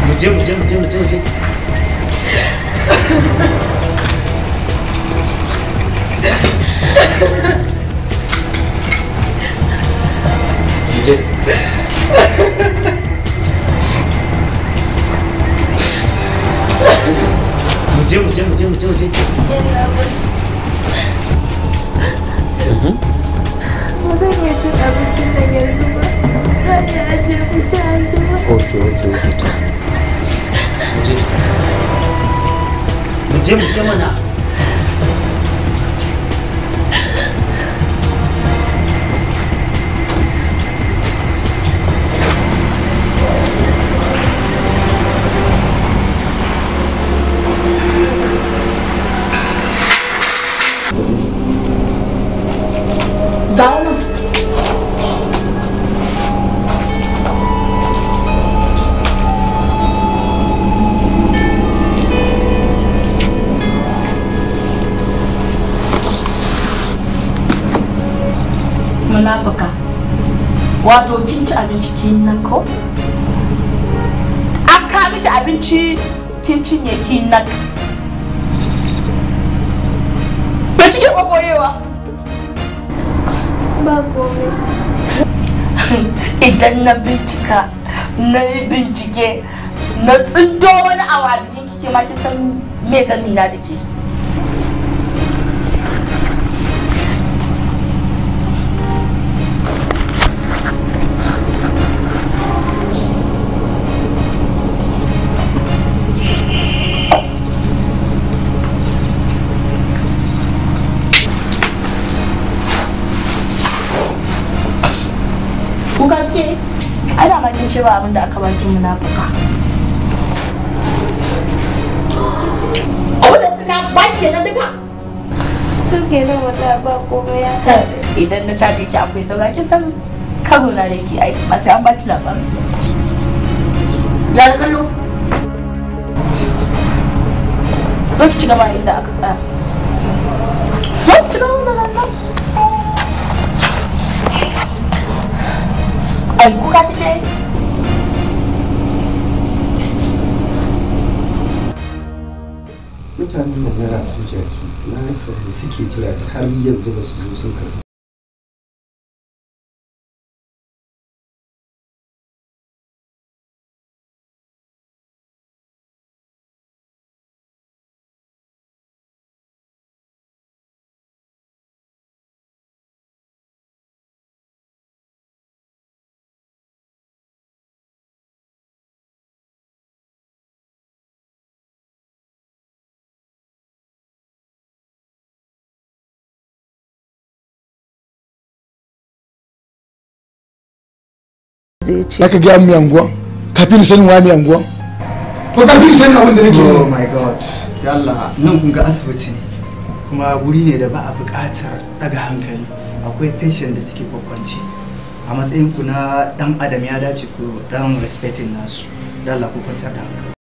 Speaker 3: 무죄 무죄 무죄 무죄 무죄
Speaker 1: 이제
Speaker 4: muje
Speaker 6: muje muje muje muje
Speaker 4: ba zan iya cin abincin da yanzu ba zan iya kusa
Speaker 12: an
Speaker 7: ji ba ok ok ok
Speaker 6: muje muje muje
Speaker 7: wato kin ci abinci kin nan ko an ka miki abinci kin cinye kin nan ba ga kokoyewa ba idan na bincika na yi bincike na tsindo wani awa jikin kike ma kin san me gamina da ke ce ba abinda aka baki munafuka abu da suka baki na duka turke ke wata ba komai ya idan na caje ki akwai saura ki san kano na da ki ai ba sai an baki labarin lalalo zo ki ci gaba inda aka tsaya zo ki ci gaba da lalalo ai kuka kike
Speaker 11: mutanen da na rafin jaki na suke jira har yanzu ba su zo sun zai ce aka gaya mu yanguwa kafin sanin wa mu yanguwa to kafin sanin abin da nake oh my god
Speaker 2: yalla nan kun ga asibiti kuma wuri ne da ba a buƙatar daga hankali
Speaker 11: akwai patient da suke kwakwanci a matsayin ku na dan adam ya dace ku dan respecting nasu yalla ku kwantar da hankali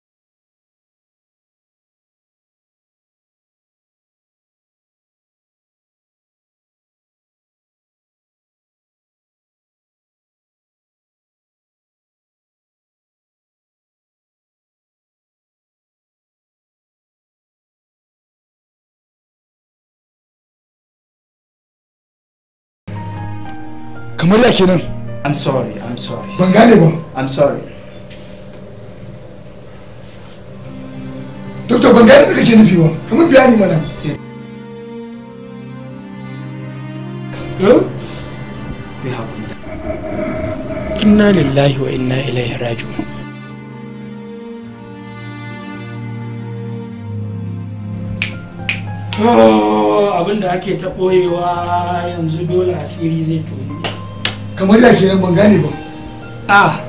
Speaker 11: murya kenan i'm sorry i'm sorry ban gane ba i'm
Speaker 1: sorry doctor ban gane da kake nufi ba mana inna lillahi wa inna
Speaker 9: ilaihi raji'un
Speaker 3: ah, abin da ake ta ɓoyewa yanzu dole asiri zai tuni kamar ya kenan ban gane ba a ah.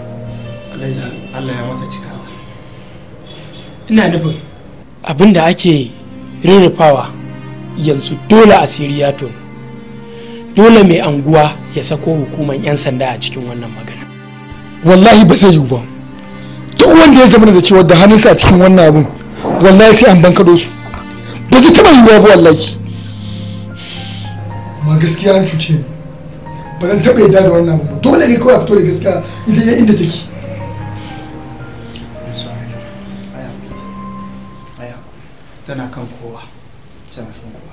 Speaker 3: allah ya masa cikawa
Speaker 9: ina nufin abinda
Speaker 1: ake rurrufawa yanzu dole a ya dole mai anguwa ya sako hukumar 'yan sanda a cikin wannan magana wallahi ba zai
Speaker 3: yiwu ba duk wanda ya zama da cewa da hannunsa a cikin wannan abin wallahi sai an bankado su ba zai taba yiwuwa ba wallahi amma gaskiya
Speaker 10: an cuce ni ba zan taɓa yadda da wannan ba dole ne kawai fito da gaskiya ita ya inda take
Speaker 11: tana kan kowa tana kan kowa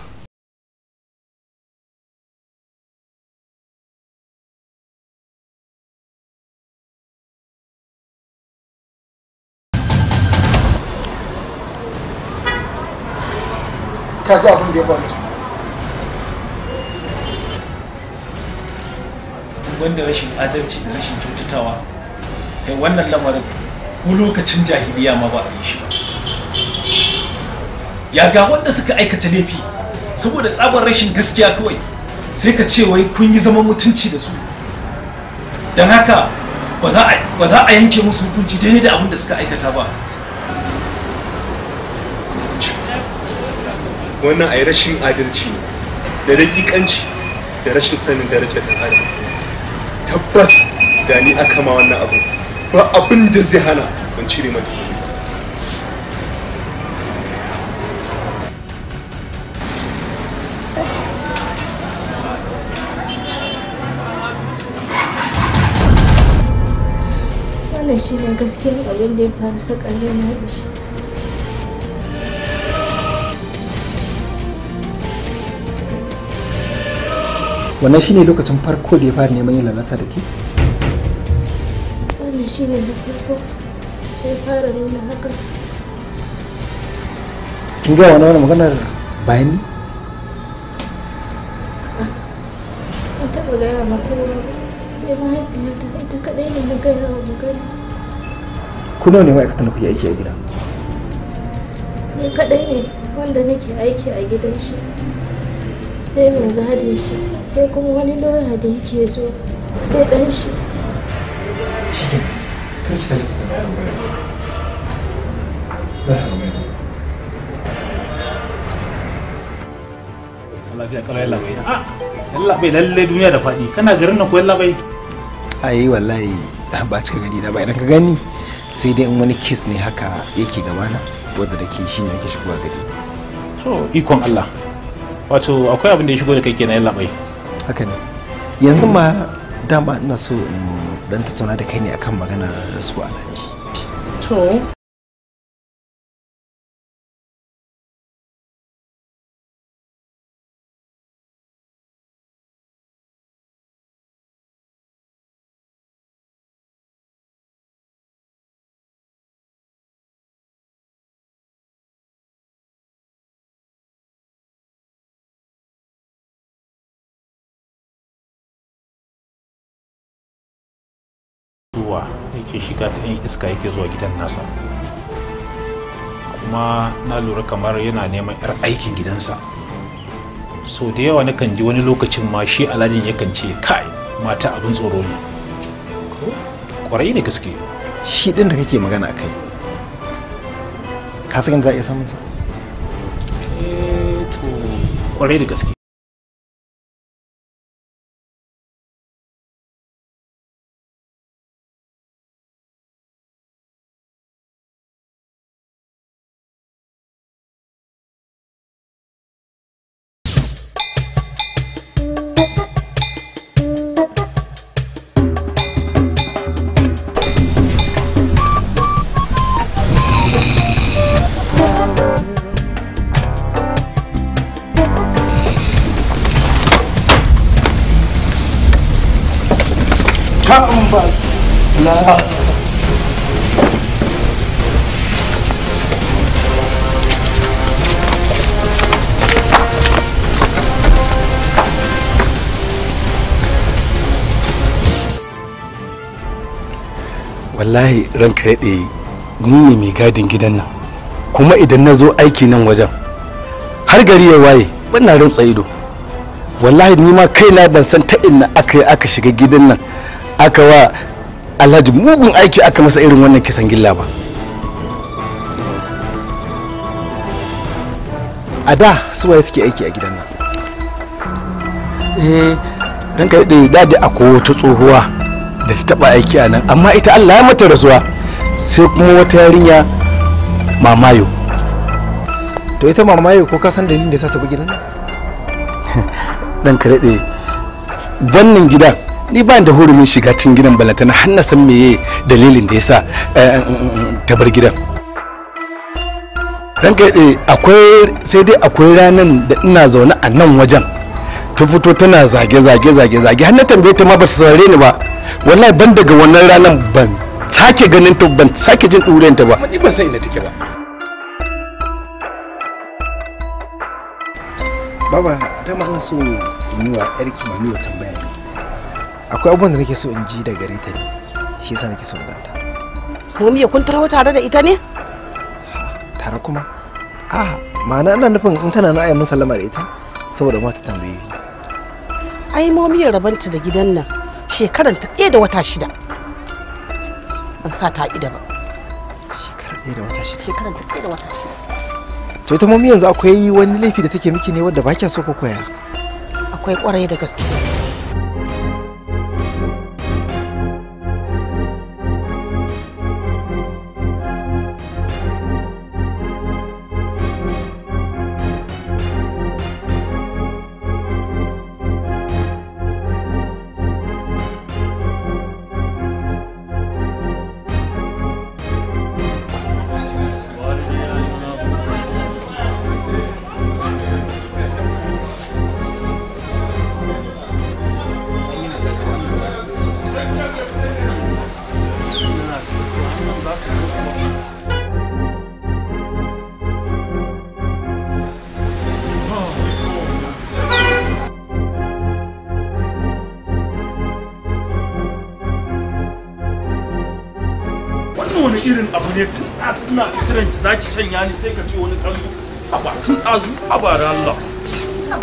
Speaker 11: kaga abin da ya faru
Speaker 6: wanda rashin adalci da rashin kyautatawa kai eh, wannan lamarin ko lokacin jahiliya ma ba a yi shi ba ya ga wanda suka aikata laifi saboda tsabar rashin gaskiya kawai sai ka ce wai kun yi zaman mutunci da su don haka ba za a yanke musu hukunci daidai da abin da suka aikata ba
Speaker 5: wannan a rashin adalci da dakikanci da rashin sanin darajar ɗan adam tabbas da ni aka ma wannan abu ba abin da zai hana ban cire mata
Speaker 7: wannan shi ne gaskiyar abin da ya fara sakarai na da shi
Speaker 2: wannan shine lokacin farko da ya fara neman yin lalata da ke
Speaker 8: wannan shine
Speaker 7: na farko da ya fara nuna haka
Speaker 2: kin gaya wani wani maganar bayan ni
Speaker 7: an taɓa gaya ma kowa sai mahaifiyata ita kadai ne na gaya wa magana
Speaker 2: ku nawa ne ma'aikatan da kuke aiki a gida
Speaker 7: ni kadai ne wanda nake aiki a gidan shi sai mai gadin shi sai kuma wani lawyer da yake zo sai dan shi
Speaker 2: shi ke kan ki sake ta zama wannan gwada za su gama yanzu
Speaker 9: lafiya kalau yalla bai ah, yalla bai lalle duniya da faɗi kana garin nan ko yalla bai
Speaker 2: ai wallahi ba cika gani na ba idan ka gani sai dai in wani kes ne haka yake gabana wanda da ke shi ne nake shigowa gari
Speaker 9: to ikon Allah wato akwai abin da ya shigo da kai kenan labai
Speaker 11: haka ne yanzu ma dama ina so in dan tattauna da kai ne akan maganar rasuwa alhaji to yake shiga ta yin iska yake zuwa gidan nasa kuma na lura kamar
Speaker 9: yana neman 'yar aikin gidansa so da yawa na kan ji wani lokacin ma shi alhajin yakan ce kai mata abin tsoro ne kwarai da gaske
Speaker 2: shi din da kake magana a kai ka san da za a iya samun sa
Speaker 11: eh to kwarai da gaske
Speaker 1: wallahi ranka ya ɗaya ni ne mai gadin gidan nan kuma idan na zo aiki nan wajen har gari ya waye wannan rantsa ido wallahi ni ma kaina ban san ta inna aka yi aka shiga gidan nan aka wa alhaji mugun aiki aka masa irin wannan kisan gilla ba a da suwaye suke aiki a gidan nan eh ranka ya da da akwai wata tsohuwa da ta taba aiki a nan amma ita Allah ya mata rasuwa sai kuma wata yarinya mamayo
Speaker 2: to ita mamayo ko ka san dalilin da ya sa ta bi nan
Speaker 1: bannin (laughs) gidan ni ba da hurumin shiga cikin gidan balanta na hanna san meye dalilin da yasa eh, eh, eh, ta bar gidan akwai sai dai akwai ranan da ina zaune a nan wajen ta fito tana zage zage zage zage har na tambaye ta ma ba ta saurare ni ba wallahi ban daga wannan ranar ban sake ganin ta ban sake jin ɗuriyar ta ba ni ba san ina take ba
Speaker 2: baba dama ina so in yi wa kimani wa tambaya ne akwai abubuwan da nake so in ji da gare ta ne shi yasa nake so in ganta
Speaker 7: mamiya kun tarawa tare da ita ne tare kuma a
Speaker 2: ma'ana ina nufin in tana na ayyamin sallama da ita saboda ma ta tambaye
Speaker 7: ai momiyar rabanta da gidan nan shekaran ta ɗaya da wata shida ban sa ta ida ba
Speaker 2: shekaran ɗaya da wata
Speaker 7: shida shekaran ta ɗaya da wata shida
Speaker 2: to ita momi yanzu akwai wani laifi da take miki ne wanda ba kya so ko koya
Speaker 7: akwai kwarai da gaske
Speaker 6: za ki shanya ni sai ka ci wani kanzu a batun azu a bara Allah.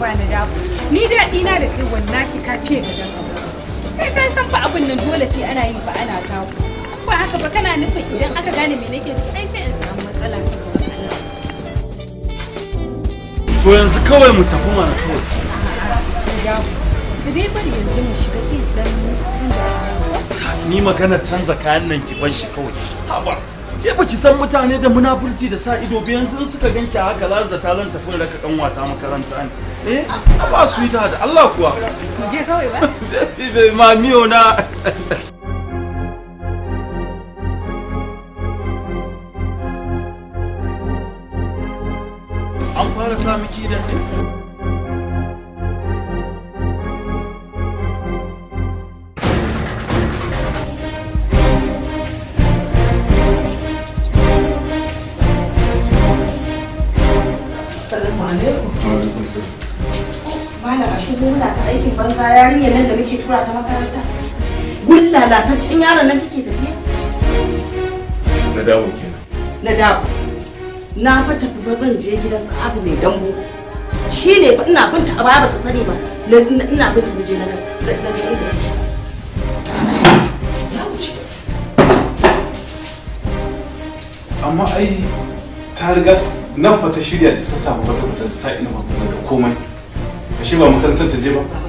Speaker 12: Ba na dabo. Ni daɗi na da kai wallahi ka fiye da jan Kai ka san ba abin nan dole sai ana yi ba ana kawo. Ba haka ba kana nufin idan aka gane me nake ciki ai sai in samu matsala saboda
Speaker 6: To yanzu kawai mu tafi mana kawai. Su dai bari yanzu mu shiga sai dan canza kayan. Ni magana canza kayan nan ki ban shi kawai. Haba. ke baki san mutane da munafurci da sa ido biyan sun suka ganki haka lazza ta lan tafi raka kanwata makaranta an eh ba su yi da Allah kuwa
Speaker 12: je
Speaker 4: kawai
Speaker 6: ba (laughs) ma miyo na
Speaker 11: an fara sa miki idan
Speaker 7: tura ta makaranta gurin lalataccen yaron nan take tafiya
Speaker 5: na dawo kenan
Speaker 7: na dawo na fa tafi ba zan je gidan su abu mai dambo shi ne ina binta a baya bata sani ba ina binta na je na
Speaker 6: ga inda take amma ai ta riga nan fa ta shirya ta
Speaker 9: sassa ba ta fita ta sa ina ba da komai ashe ba makarantar ta je ba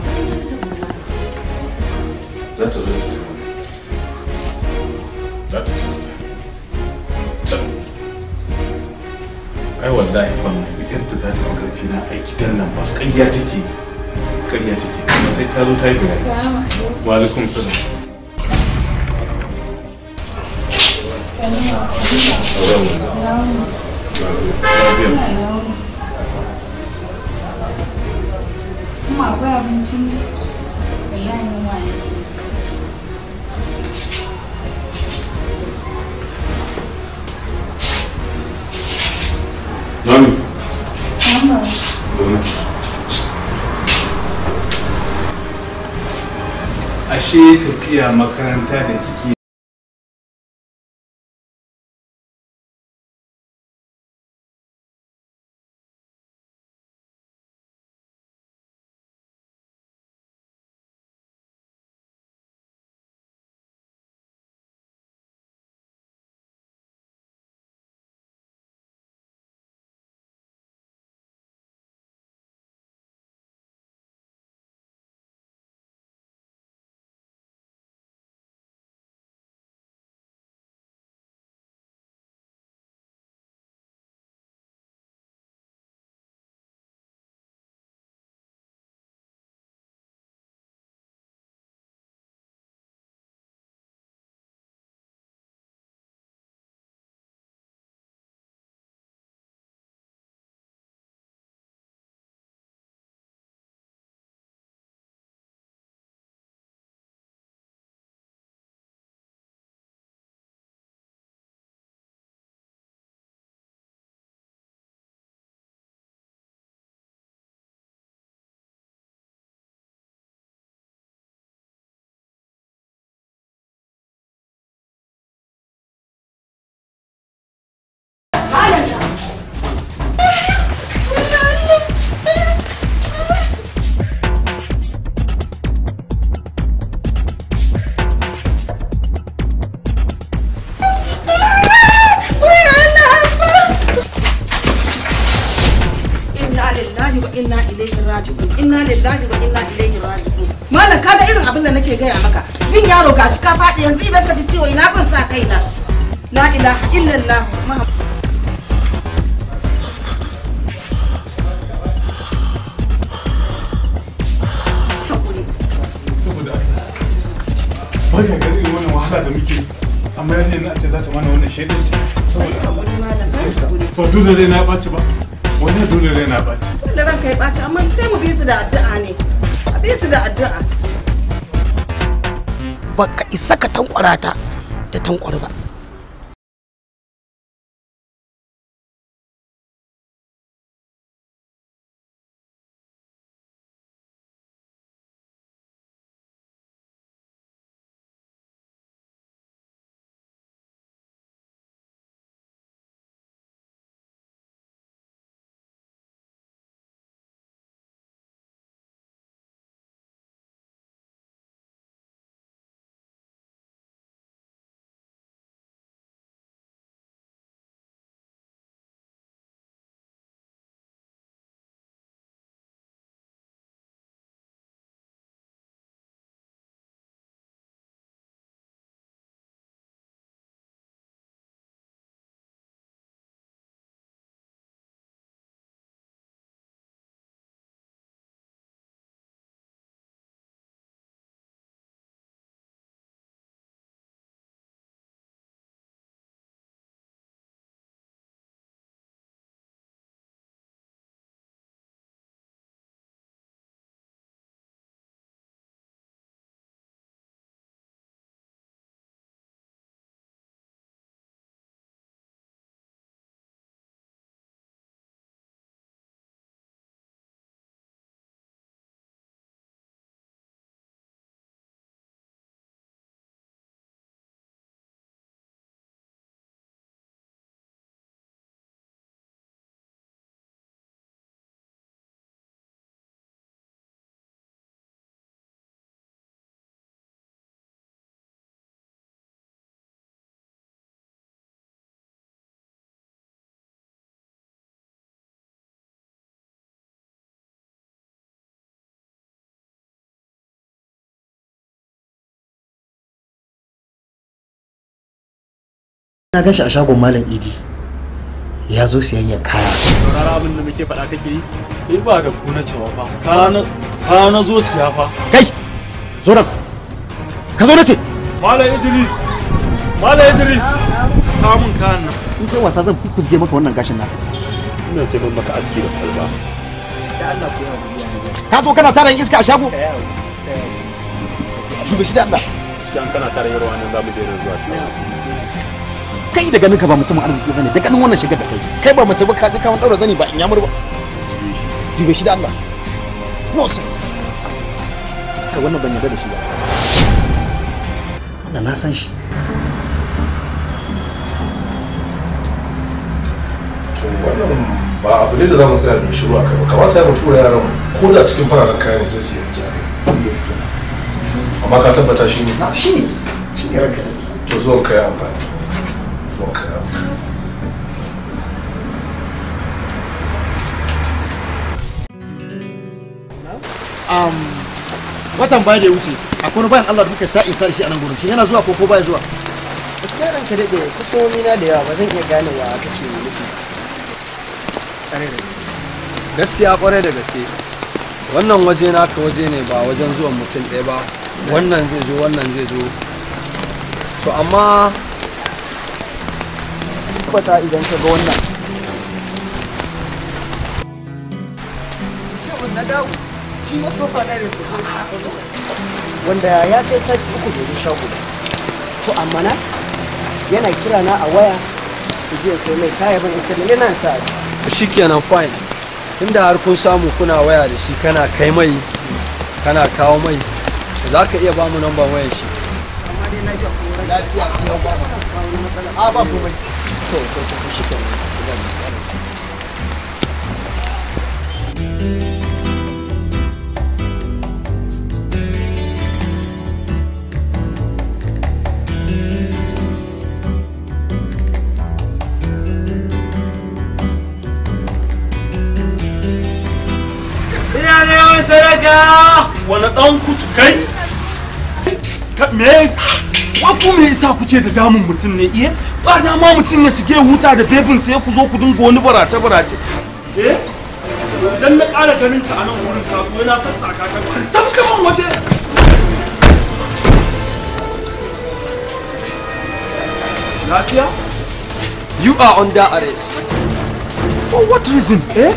Speaker 9: za ta zo su za ta
Speaker 5: zo su ai wallahi ban haifi yadda za ta makarfi na a gidan nan ba ƙarya take ƙarya take kuma sai ta zo ta yi
Speaker 8: bayani
Speaker 5: wa alaikum salam
Speaker 12: Kuma akwai abincin wallahi mu wa ne.
Speaker 11: ashe tafiya makaranta da kike
Speaker 7: gashi ka faɗi yanzu idan ka ji ciwo ina zan sa kaina la ilaha illallah muhammad
Speaker 3: bari ga irin wannan wahala da muke amma yanzu yanzu
Speaker 9: a ce za ta mana wannan shaidan ce ba dole rai na ɓaci ba Wani dole rai na ɓaci
Speaker 7: da ranka ya ɓaci amma sai mu bi su da addu'a ne a bi su da addu'a
Speaker 11: ka isa ka tankwara ta da tankwar ba na gashi a shagon malam idi ya zo siyan ya kaya saurara abin da muke
Speaker 6: faɗa kake yi sai ba da ku na cewa fa ka na zo siya fa kai zo ka zo na ce malam idris malam idris ka mun kayan nan
Speaker 2: in kai wasa zan fuskuge maka wannan gashin naka ina sai mun maka aski da kwalba
Speaker 6: da Allah ku yawo ka zo kana tara iska a shago
Speaker 2: dubi shi da Allah kana tara yarwa nan zamu daina zuwa shi kai da ganinka ba mutumin arziki bane da ganin wannan shiga da kai kai ba mace ba ka je ka wani daura zani ba in ya murba dube shi da Allah no sense ka wannan ban yarda da shi ba wannan na san shi
Speaker 9: wannan ba abu ne da za mu tsaya da shiru a kai ba kamata ya mu tura yaran ko da cikin fararen kayan sai su yanke a amma ka tabbata shi ne shi ne shi ne ranka ne to zo kai amfani
Speaker 2: fuck up. Um, watan baya da ya wuce akwai wani bayan Allah da muka sa isa shi a nan gurin shi yana zuwa ko ko baya zuwa
Speaker 7: gaskiya ka daɗe kusurmi na da yawa ba zan iya gane wa kake nufi
Speaker 1: gaskiya kwarai da gaske wannan waje naka waje ne ba wajen zuwan mutum ɗaya ba wannan zai zo wannan zai zo to amma tabbata idan ka ga wannan
Speaker 2: na dawo
Speaker 3: wanda ya kai sati uku da sha hudu to amma na yana kira na a waya je kai mai kaya ban isa yana sa
Speaker 1: shi kenan fine tunda har kun samu kuna waya da shi kana kai mai kana kawo mai za ka iya ba mu namban wayan shi amma dai lafiya ba.
Speaker 2: Ah, aí, pô, bem. Tô, tô, tô, tô chutando.
Speaker 6: Ina neman a ku me yasa kuke da damun mutum ne iye eh? ba dama mutum ya shige huta da bebin sai eh, ku zo ku dinga wani barace barace eh idan na ƙara ganin ka a nan wurin ka zo na tattaka ka tabka man waje lafiya you are under arrest for what reason eh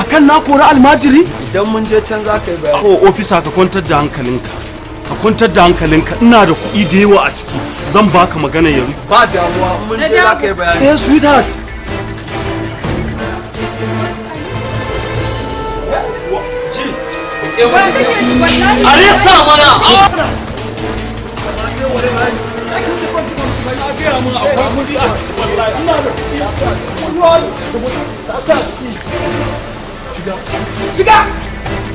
Speaker 6: akan na kori almajiri idan mun je can za ka yi bayani ko oh, ofisa ka kwantar da hankalinka ka kwantar da hankalinka ina da kuɗi da yawa a ciki zan baka magana yanzu ba damuwa mun je za ka yi bayani eh sweetheart Arisa mana! Shiga! Shiga!